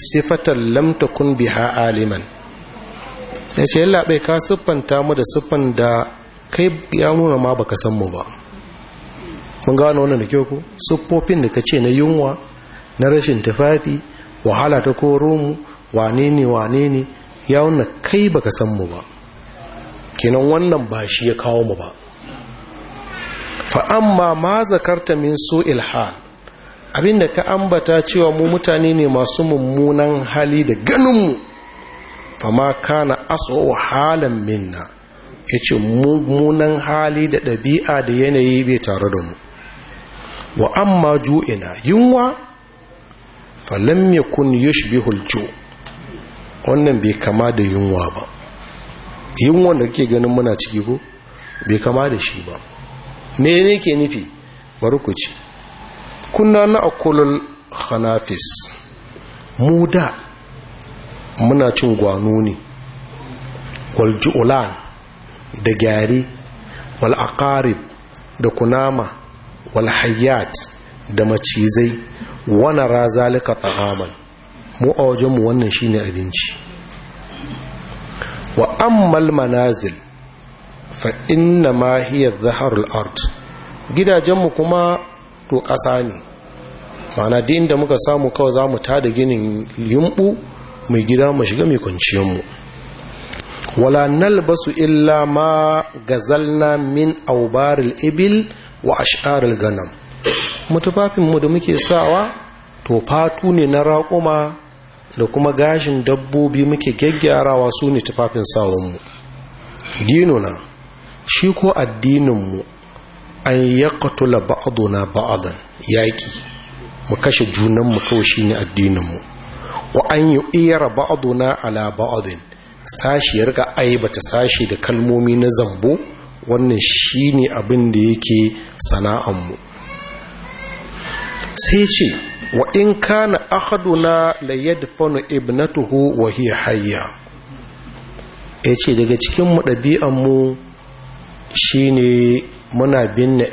Speaker 1: sifatan lam takun biha aliman yace yalla bai ka siffanta mu da siffan da kai ya nuna ma baka san mu ba mun gano wannan da kyau ku siffofin da kace na yunwa na rashin tufafi wahala ta koro mu wane ne wane ne ya wuna kai baka san mu ba kenan wannan ba shi ya kawo mu ba fa'amma ma zakarta min so ilha abinda ka ambata cewa mu mutane ne masu mummunan hali da ganinmu ma kana aso halin minna ya ce mummunan hali da ɗabi'a da yanayi bai tare da mu wa amma ju'ina yunwa falam yakun yushbihul ju' wannan bai kama da yunwa ba yin wanda kake ganin muna ciki ko bai kama da shi ba me ne ke nufi bari ku ci kunna na akulul hanafis mu da muna cin gwano ne waljulan da gyari wal'akarib da kunama walhayyat da macizai wana razalika ta'aman mu a wajenmu wannan shine abinci ammal manazil fa inna ma hiya zaharul ard gidajenmu kuma to ƙasa ne mana din da muka samu kawai za mu tada ginin yumbu mai gida mu shiga mai kwanciyarmu wala nalbasu illa ma gazalna min aubaril ibil wa ash'aril ganam mu da muke sawa to fatu ne na raƙuma da kuma gashin dabbobi muke gyaggyarawa su ne tufafin sawunmu dinuna shi ko addininmu an yi yaqtula na ba'dan yaƙi mu kashe junanmu kawai shi ne addininmu wa an yi yu'ira na ala baadin sashi ya riga aibata sashi da kalmomi na zambo wannan shi ne abin da yake sana'anmu sai ce wa in kana ahaduna la yadfanu ibnatuhu wa hiya hayya yace daga cikin mu ɗabi'an mu shine muna binne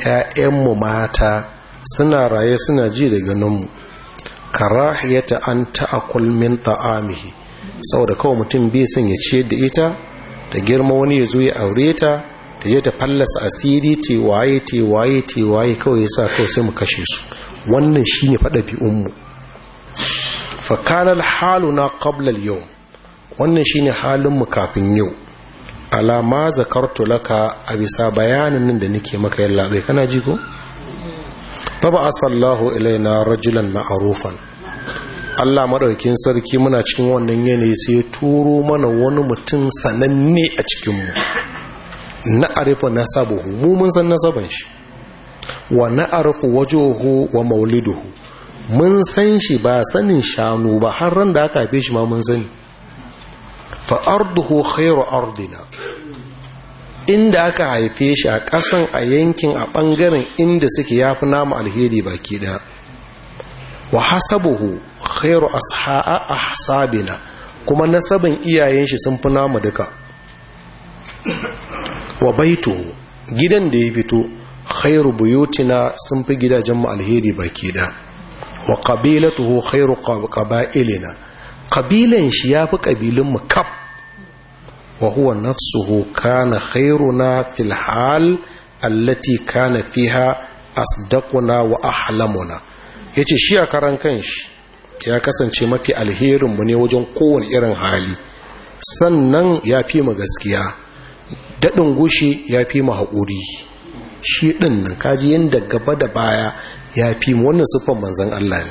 Speaker 1: mu mata suna raye suna ji daga nan nanmu karahiyata an ta'kul min ta'amihi saboda kawai mutum bai son ya ciyar da ita da girma wani ya zo ya aure ta ta je ta fallasa asiri te waye te waye te waye kawai yasa kawai sai mu kashe su wannan shine fada bi'unmu fa Fakanar haluna na yau yau. wannan shine halin mu kafin yau alama zakartu laka a bisa bayanin nan da nake maka yalla bai kana ji ko fa ba ilai na rajulan arufan. Allah maɗaukin sarki muna cikin wannan yanayi sai ya turo mana wani mutum sananne a cikinmu. na arifa na mu mun san nasaban shi wa na'arfu wajohu wa mauliduhu mun san shi ba sanin shanu ba har ran da aka haife shi ma mun sani fa arduhu khairu ardina inda aka haife shi a kasan a yankin a bangaren inda suke yafi nama alheri baki da wa hasabuhu khairu asha'a ahsabina kuma nasabin iyayen shi sun fi namu duka wa baitu gidan da ya fito khairu buyutina sun fi gidajenmu alheri baki da wa qabilatuhu khairu ƙaba'ilina qabilan shi yafi qabilun mu kaf wa huwa nafsuhu kana khairuna fil hal allati kana fiha asdaquna wa ahlamuna yace shi a karan kanshi ya kasance mafi alherin mu ne wajen kowane irin hali sannan ya fi mu gaskiya dadin gushi ya fi mu haƙuri shi ɗin nan kaji yadda gaba da baya ya fi wannan siffar manzan Allah ne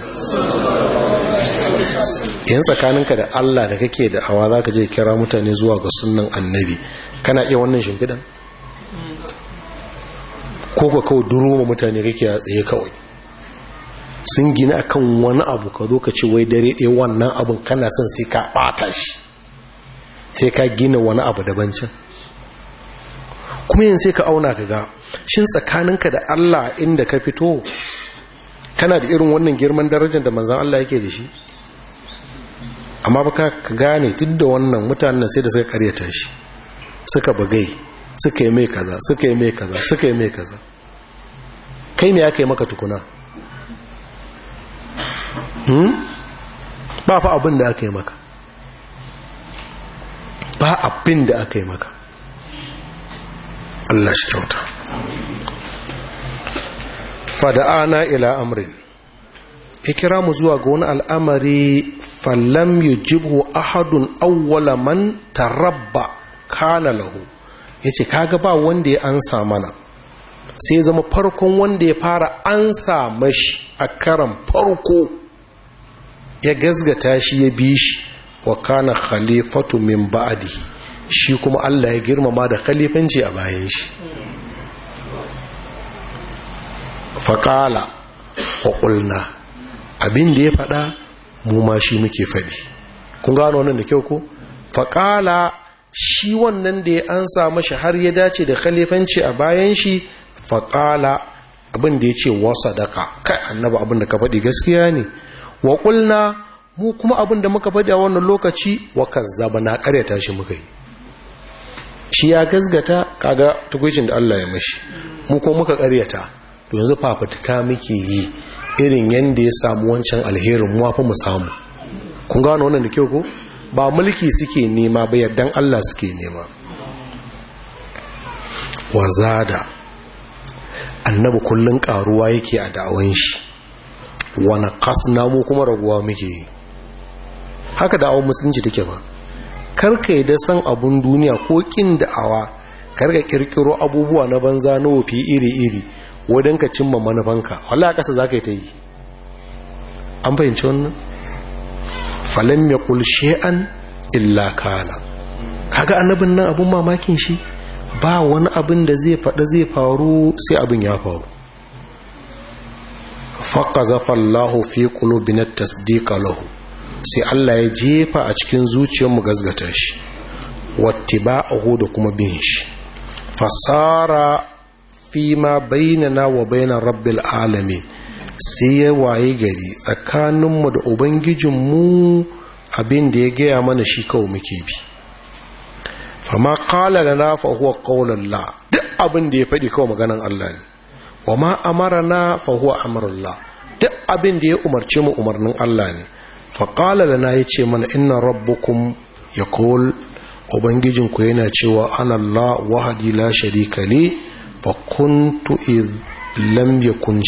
Speaker 1: yan tsakaninka da Allah da kake da hawa za ka je kira mutane zuwa ga sunan annabi kana iya wannan shimfiɗan ko ka kawai ma mutane kake a tsaye kawai sun gina akan wani abu ka zo ka ce wai dare ɗaya wannan abin kana son sai ka ɓata shi sai ka gina wani abu daban can kuma yin sai ka auna ka ga shin tsakaninka da Allah inda ka fito kana da irin wannan girman darajar da manzan Allah yake da shi amma baka ka gane duk da wannan mutanen sai da suka karyata shi suka bugai suka yi mai kaza suka yi mai kaza suka yi mai kaza kai me aka yi maka tukuna hmm? ba fa abin da aka yi maka ba abin da aka yi maka Allah shi kyauta fada'ana ila amrin ya kira mu zuwa ga wani al'amari falam yujibhu ahadun awwala man tarabba kana lahu yace kaga ba wanda ya ansa mana sai zama farkon wanda ya fara ansa mashi a karan farko ya gazgata shi ya bi shi wa kana khalifatu min ba'dihi shi kuma Allah ya girmama da khalifanci a bayan shi faƙala wa abin da ya faɗa mu ma shi muke faɗi kun gano wannan da kyau ko faƙala shi wannan da ya ansa mashi har ya dace da khalifanci a bayan shi faƙala abin da ya ce wasa daga kai annaba abin da ka faɗi gaskiya ne wa mu kuma abin da muka faɗi a wannan lokaci wa na ƙaryata shi muka yi shi ya gazgata kaga tukwicin da Allah ya mashi mu ko muka ƙaryata yanzu fafatika muke yi irin yadda ya samu wancan alherin mu mu samu kun gano wannan da kyau ko ba mulki suke nema ba yardan Allah suke nema wazada annabi kullun karuwa yake a da'awan shi wani kasna mu kuma raguwa muke yi haka da'awan musulunci take ba karka yi da san abun duniya ko kin da'awa karka kirkiro abubuwa na banza na wofi iri-iri wajen ka cimma manufanka wallahi kasa zaka yi ta yi an fahimci wannan falam yaqul an illa kana kaga annabin nan abin mamakin shi ba wani abin da zai faɗa zai faru sai abin ya faru Faƙa zafan lahu fi qulubina tasdiqa lahu sai Allah ya jefa a cikin zuciyarmu gazgata shi a da kuma bin shi fasara Fima ma bainana wa bainan rabbil alamin sai ya waye gari tsakaninmu da ubangijinmu abin da ya gaya mana shi kawai muke bi fama kala da na fahuwa ƙaunar la duk abin da ya faɗi kawai maganan Allah ne wa ma amara na fahuwa amarullah duk abin da ya umarce mu umarnin Allah ne faƙala da na ya ce mana ina rabbukum ya kowal ubangijinku yana cewa anallah wahadi la sharika ne fakuntu kuntu lam yakun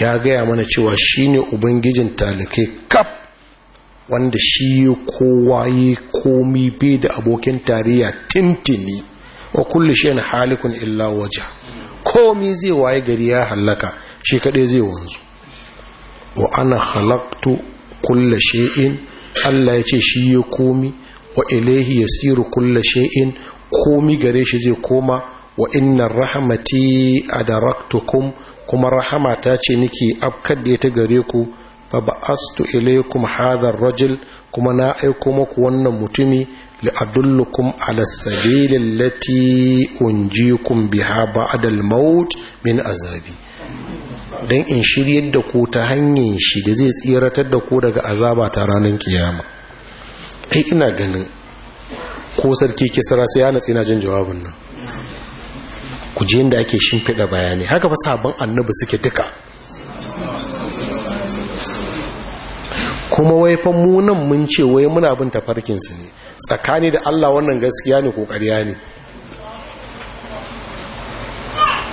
Speaker 1: ya gaya mana cewa shine ubangijin talikai kaf wanda shi kowa yi komi bai da abokin tariya tintini wa kullu shay'in halikun illa waja komi zai waye gari ya halaka shi kadai zai wanzu wa ana khalaqtu kulla shay'in Allah ya ce shi ya komi wa ilaihi yasiru kulla shay'in komi gare shi zai koma wa inna rahamati adaraktukum kuma rahama ta ce niki afkar da ta gare ku astu ba'astu ilaykum hadar rajul kuma na aiko maku wannan mutumi li adullukum ala sabilin lati unjikum biha ba adal maut min azabi don in shiryar da ku ta hanyar shi da zai tsiratar da ku daga azaba ta ranar kiyama ai ina ganin ko sarki kisara sai ya natsi jin jawabin nan ku je yadda ake shimfiɗa bayani haka ba sabon annabi suke duka kuma wai fa nan mun ce wai muna bin tafarkinsu ne tsakani da Allah wannan gaskiya ne ko ƙarya ne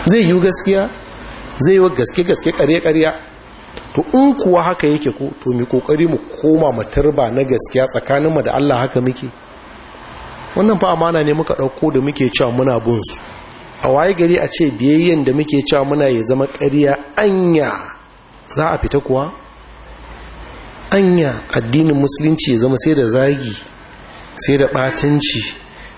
Speaker 1: zai yi gaskiya zai yi gaske gaske ƙarya ƙarya to in kuwa haka yake ko to mi kokari mu koma matarba na gaskiya tsakaninmu da Allah haka muke wannan fa amana ne muka ɗauko da muke cewa muna bin su a waye gari a ce biyayyen da muke cewa muna ya zama ƙarya anya za a fita kuwa anya addinin musulunci ya zama sai da zagi sai da ɓatanci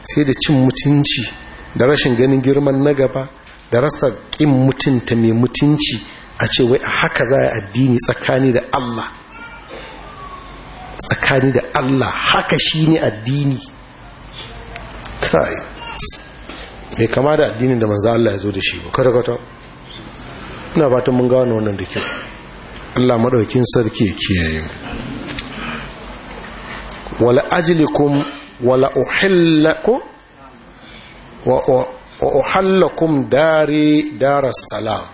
Speaker 1: sai da cin mutunci da rashin ganin girman na gaba da rasa ƙin mutunta mai mutunci a ce wai a haka za a addini tsakani da Allah tsakani da Allah haka shi ne addini bai kama da addinin da manzo Allah ya zo da shi ba kada kwata ina fatan mun gano wannan da kyau Allah madaukin sarki ya kiyaye wala ajlikum wala uhillakum wa uhallakum dari daras salam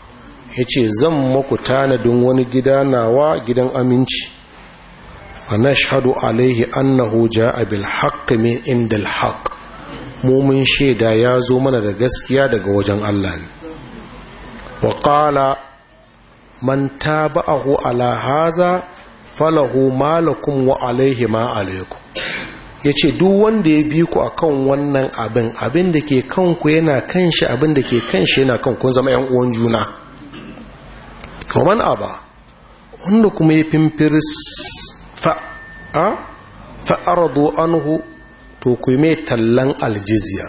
Speaker 1: yace zan muku tanadin wani gida nawa gidan aminci fa nashhadu alaihi annahu jaa bil haqqi min indal haqq mumin shaida ya zo mana da gaskiya daga wajen Allah ne wa qala man taba'ahu ala haza falahu malakum wa alaihi ma Ya ce duk wanda ya bi ku akan wannan abin abin da ke kanku yana kan shi abin da ke kan shi yana kan kun zama yan uwan juna kaman aba wanda kuma ya fimfiris fa'arado anhu to ku yi mai tallan aljiziya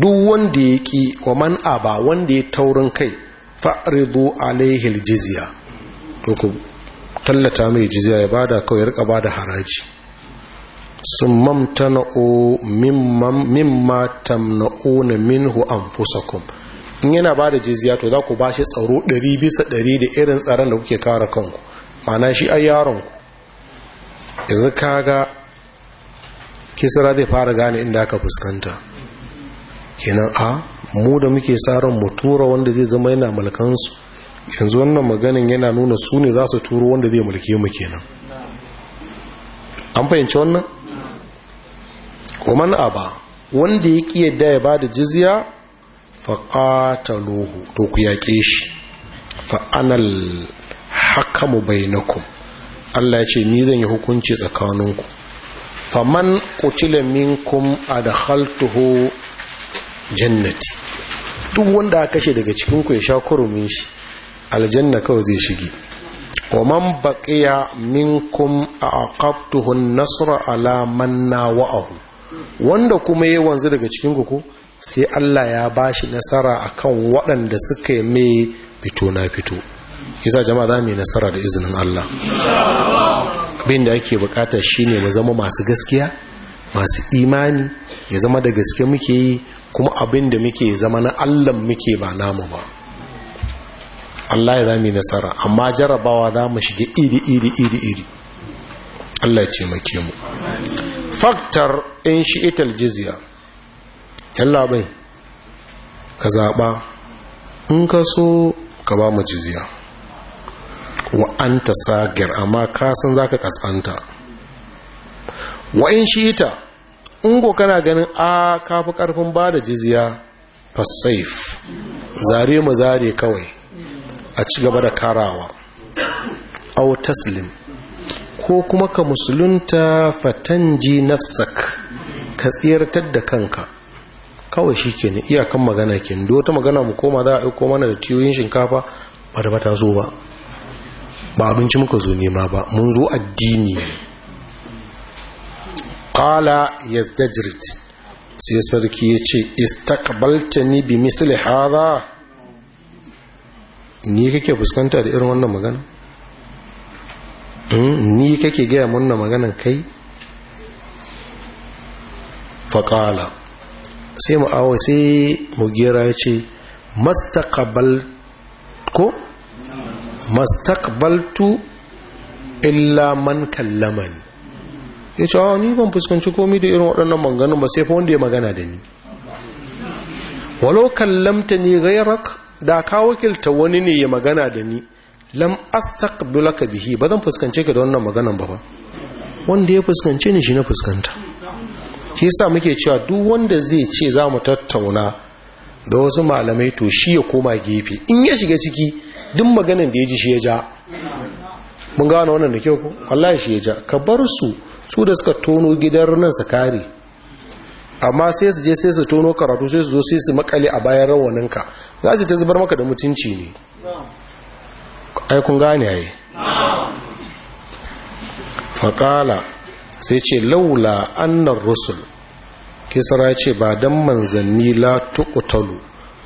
Speaker 1: duk wanda ya ƙi wa man aba wanda ya taurin kai farizu alaihi aljiziya to ku tallata mai jiziya ya bada kawai rika bada haraji sun mamta mamtana'o mimma tamna'una minhu anfusakum in yana ba da jiziya to za ku ba shi tsaro 100 bisa 100 da irin tsaron da kuke kare kanku mana shi a yaron ku yanzu kaga kisra zai fara gane inda aka fuskanta kenan a mu da muke tsaron mu tura wanda zai zama yana mulkansu yanzu wannan maganin yana nuna su ne za su turo wanda zai mulke mu kenan an fahimci wannan kuman aba wanda ya ƙi yadda ya ba da jizya faƙataluhu to ku yaƙe shi fa'anal hakamu bainakum Allah ya ce ni zan yi hukunci tsakaninku faman qutila minkum adkhaltuhu jannati duk wanda aka kashe daga cikin ku ya sha kurumin shi aljanna kawai zai shige wa man baqiya minkum aqabtuhu an-nasra ala man nawa'ahu wanda kuma yayi wanzu daga cikin ku ko sai Allah ya bashi nasara akan waɗanda suka yi mai fito na fito yasa jama'a za mu yi nasara da izinin Allah abin da ake bukata shine mu zama masu gaskiya masu imani ya zama da gaske muke yi kuma abin da muke zama na allah muke ba namu ba Allah ya zami nasara amma jarabawa za mu shiga iri iri iri iri Allah ya ce mu faktar in shi ital jizya yalla bai ka zaba in ka so ka ba mu jizya Wa'anta anta sagir amma kasan za zaka kasanta, wa'in in shi'ita in kana ganin a kafi karfin ba da jiziya fasaif zare mu zare kawai a ci gaba da karawa aw taslim ko kuma ka musulunta fatanji nafsak ka tsirtar da kanka kawai shi ke ne iyakan magana ke wata magana mu koma za a aiko mana da tiyoyin shinkafa ba da ba ta zo ba ba abinci muka zo nema ba mun zo addini ya yazdajrid sai sarki ya ce ni bi misali haza ni kake fuskanta da irin wannan magana hmm, ni kake gaya munna maganan kai faƙala sai ma'awa sai mugera ya ce mastakabal ko mastakbaltu illa man kallamani ya ce a ah, ni ban fuskanci komi da irin waɗannan maganganun ba sai fa wanda ya magana da ni walau kallamta ni gairak da ka wakilta wani ne ya magana da ni lam ka bihi ba zan fuskance ka da wannan maganan ba ba wanda ya fuskance ni shi na fuskanta shi yasa muke cewa duk wanda zai ce za mu tattauna da wasu malamai to shi ya koma gefe in ya shiga ciki duk maganan da ya ji shi ya ja mun gano wannan da kyau ko wallahi shi ya ja ka bar su su da suka tono gidan nan su kare amma sai su je sai su tono karatu sai su zo sai su makale a bayan rawaninka za su ta zubar maka da mutunci ne ai kun gane yayi faƙala sai ce laula annar rusul kisra ce ba don manzanni la tuqtalu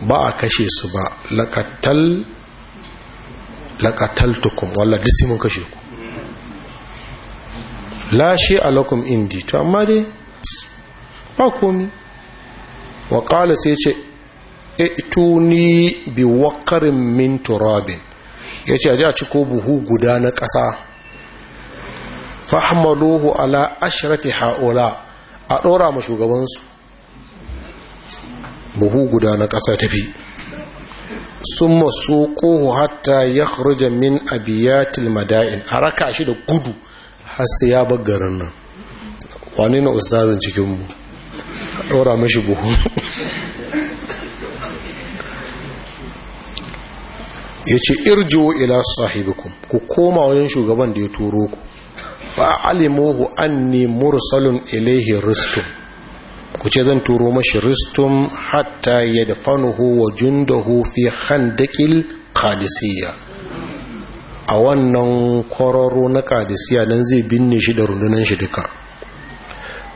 Speaker 1: ba a kashe su ba laqatal tukun wala duk mun kashe ku la shi alakum indi to amma dai ba komi wa sai ce tuni bi waqarin min turabin yace aji a ciko buhu guda na ƙasa fahmaluhu ala ashrafi haula a ɗora ma shugabansu buhu guda na ƙasa tafi sun masu ƙohu hatta ya kharuja min abiyatil mada'in a raka shi da gudu har sai ya garin nan wani na ustazin cikinmu a ɗora mashi buhu ya ce irjo ila sahibikum ku koma wajen shugaban da ya turo ku fa'alimuhu anni mursalun ilaihi ristum ku ce zan turo mashi ristum hatta ya dafanuhu wa jundahu fi handakil kadisiya a wannan kwararo na kadisiya nan zai binne shi da rundunan shi duka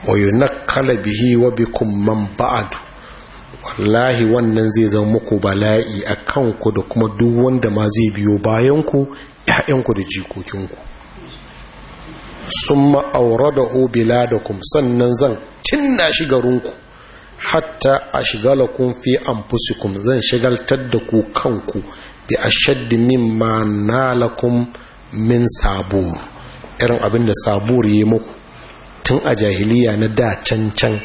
Speaker 1: wayo na kalabihi wa bikum man ba'adu wallahi wannan zai zama muku bala'i a kanku da kuma duk wanda ma zai biyo bayanku 'ya'yanku da jikokinku sun ma'aura da obila da kum sannan zan cinna shi hatta a shigalakun fi anfusikum zan shigaltar da ku kanku bi ashaddi mimma nalakum min sabur irin abin da sabur yi muku tun a jahiliya na da can can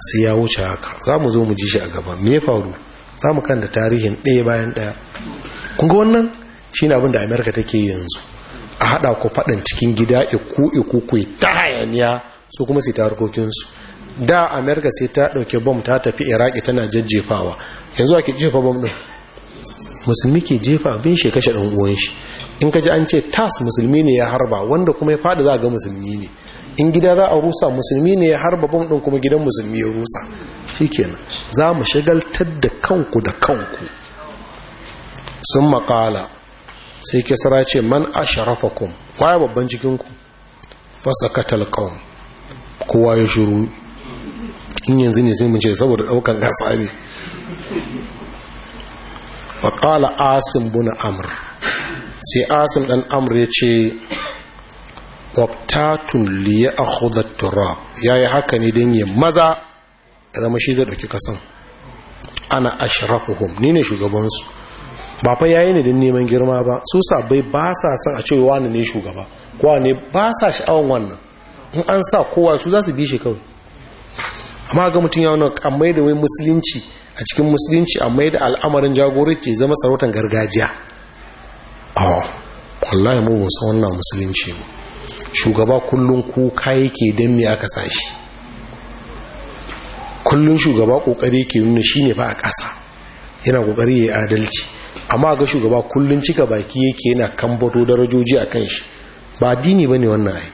Speaker 1: sai ya wuce haka za mu zo mu ji shi a gaba me faru za mu kan da tarihin ɗaya bayan ɗaya Kunga wannan shine abin da amerika take yanzu a haɗa ku fadan cikin gida iku iku ku ta hayaniya su kuma sai ta su da America sai ta ɗauke bom ta tafi iraki tana jajjefawa yanzu ake jefa bom ɗin musulmi ke jefa abin shi kashe ɗan uwan shi in ka ji an ce tas musulmi ne ya harba wanda kuma ya faɗi za ga musulmi ne in gida za a rusa musulmi ne ya harba bom ɗin kuma gidan musulmi ya rusa shikenan za mu shagaltar da kanku da kanku sun maƙala sai kisra ce man asharafakum waye babban jikinku ku fasakatal qawm kowa ya shiru in yanzu ne zai mace saboda daukan gasa ne fa asim buna amr sai asim dan amr ya ce waktatun liya a turab ya yi haka ne don yi maza ya zama shi zai ɗauki kasan ana ashrafuhum ni ne shugabansu ba fa yayi ne don neman girma ba su sabai ba sa son a ce wani ne shugaba kowa ne ba sa sha'awan wannan in an sa kowa su za su bi shi kawai amma ga mutum ya wani amai da wai musulunci a cikin musulunci amai da al'amarin jagoranci zama sarautar gargajiya a wallahi mu musa wannan musulunci shugaba kullum kuka yake don me aka sa shi kullum shugaba kokari ke nuna shine ba a ƙasa yana kokari ya yi adalci amma ga shugaba kullun cika baki yake yana kambato darajoji a kan shi ba dini bane wannan ai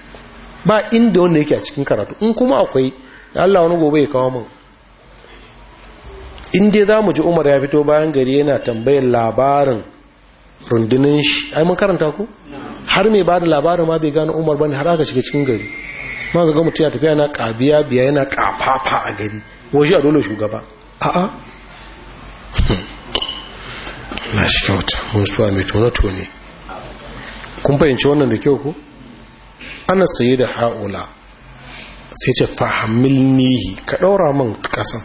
Speaker 1: ba inda wanda yake a cikin karatu in kuma akwai Allah wani gobe ya kawo mun in dai za mu ji Umar ya fito bayan gari yana tambayar labarin rundunin shi ai mun karanta ku har mai ba da labarin ma bai gano Umar bane har aka shiga cikin gari ma ga mutum ya tafiya yana kabiya biya yana kafafa a gari waje a dole shugaba a'a na shi kyauta wasu suwa mai tone-tone kun fahimci wannan da kyau ku ana saye da ha'ula sai ce fahimmil nihi ka ɗaura man ƙasan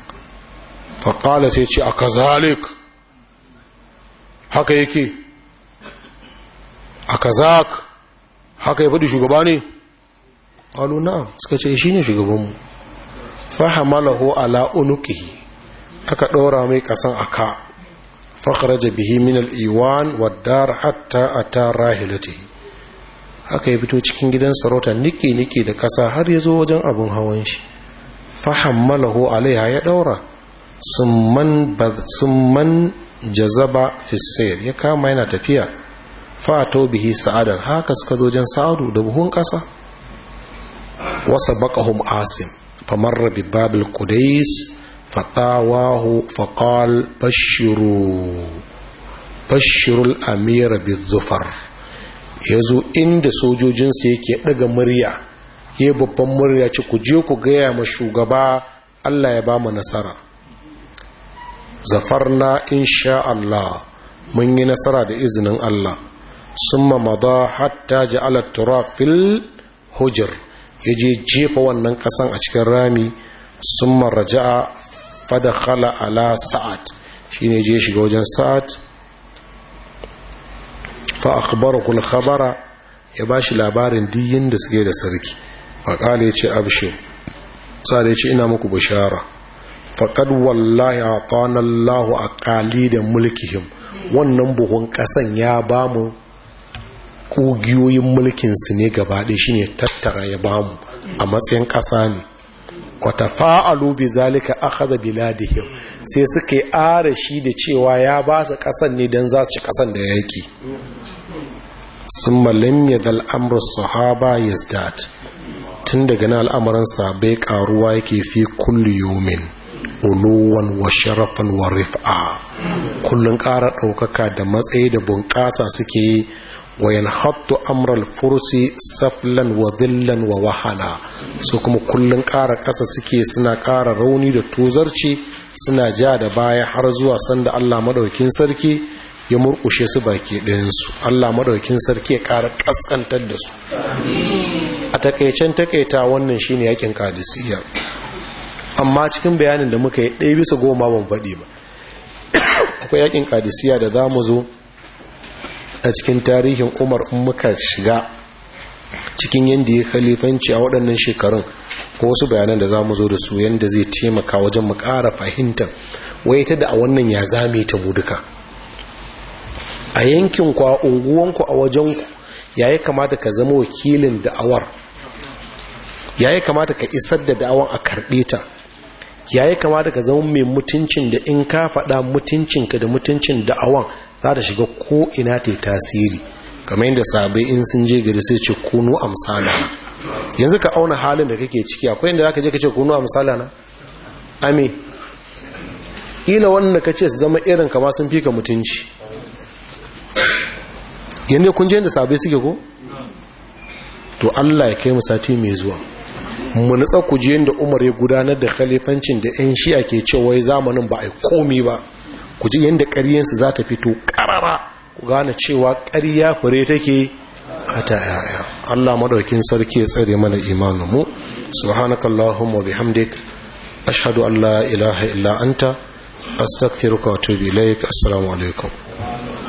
Speaker 1: faƙala sai ce a kazalik haka yake a kazak haka ya faɗi shugaba ne ƙalu na suka ce eh, shi ne shugabanmu fahimmalaho ala unukihi aka ɗaura mai ƙasan a ka فخرج bihi من al-iwan حتى dar hatta haka ya fito cikin gidan sarauta nike nike da kasa har ya zo wajen abin hawan shi fahammalahu alaiha ya daura summan summan jazaba fi ya kama yana tafiya fato bihi sa'adan haka suka zo wajen sa'adu da buhun kasa wasa asim famarra bi babil qudais fatawahu faƙal bashiru bashirul amira bizufar ya zo inda sojojinsa yake ɗaga murya ya babban murya ci ku je ku gaya ma shugaba allah ya ba mu nasara zafarna insha allah mun yi nasara da izinin allah sun maza hatta ji alattura fil hujjar ya je jefa wannan ƙasan a cikin rami sun raja'a fada khala ala sa'ad shi ne je shiga wajen sa'ad fa akhbara kul khabara ya ba shi labarin diyin da suke da sarki faƙali ya ce abshir sa'ad ya ce ina muku bishara faƙad wallahi a tsanallahu a ƙali da mulkihim wannan buhun ƙasan ya ba mu ƙugiyoyin mulkinsu ne gabaɗe shi ne tattara ya ba mu a matsayin ƙasa ne watafa'alu bi zalika akhadha biladihim sai suka ara shi da cewa ya ba su kasan ne dan za su ci kasan da yaki summa lam yadal amru sahaba yazdad tun daga nan al'amarin bai karuwa yake fi kulli yumin uluwan wa sharafan wa rif'a kullun ƙara ɗaukaka da matsayi da bunƙasa suke wa yanhattu amral fursi saflan wa dhillan wa wahala su kuma kullum ƙara ƙasa suke suna ƙara rauni da tuzarci suna ja da baya har zuwa sanda Allah maɗaukin sarki ya murkushe su baki ɗayansu Allah madaukakin sarki ya ƙara ƙasƙantar da su a takaicen takaita wannan shine yakin kadisiyya amma cikin bayanin da muka yi ɗaya bisa goma ban faɗi ba akwai yakin kadisiya da za mu zo a cikin tarihin umar muka shiga cikin yadda ya khalifanci a waɗannan shekarun ko wasu bayanan da za mu zo da su yadda zai taimaka wajen mu ƙara fahimtar wai ta da a wannan ya zame ta buduka. duka a yankin a unguwanku a wajenku ya yi kamata ka zama wakilin da'awar ya yi kamata ka isar da da'awan a karɓe ta ya yi kamata ka zama mai mutuncin da in ka faɗa mutuncinka da mutuncin da'awan za ta shiga ko ina ta tasiri kamar yadda sabai in sun je gari sai ce kunu misala yanzu ka auna halin da kake ciki akwai yadda ka je ka ce kunu misala na ame ila wannan ka ce su zama irin kama sun fi ka mutunci yadda kun je yadda sabai suke ko to Allah ya kai mu sati mai zuwa mu nutsa ku je yadda Umar ya gudanar da khalifancin da 'yan shi'a ke cewa zamanin ba a komi ba ku ji yadda ƙaryensu za ta fito ƙarara ku gane cewa ƙarya fure take hata yaya Allah maɗaukin sarki ya tsare mana imanin mu subhanakallahumma wa bihamdik ashadu an allah ilaha illa anta astaghfiruka wa atubu assalamu alaikum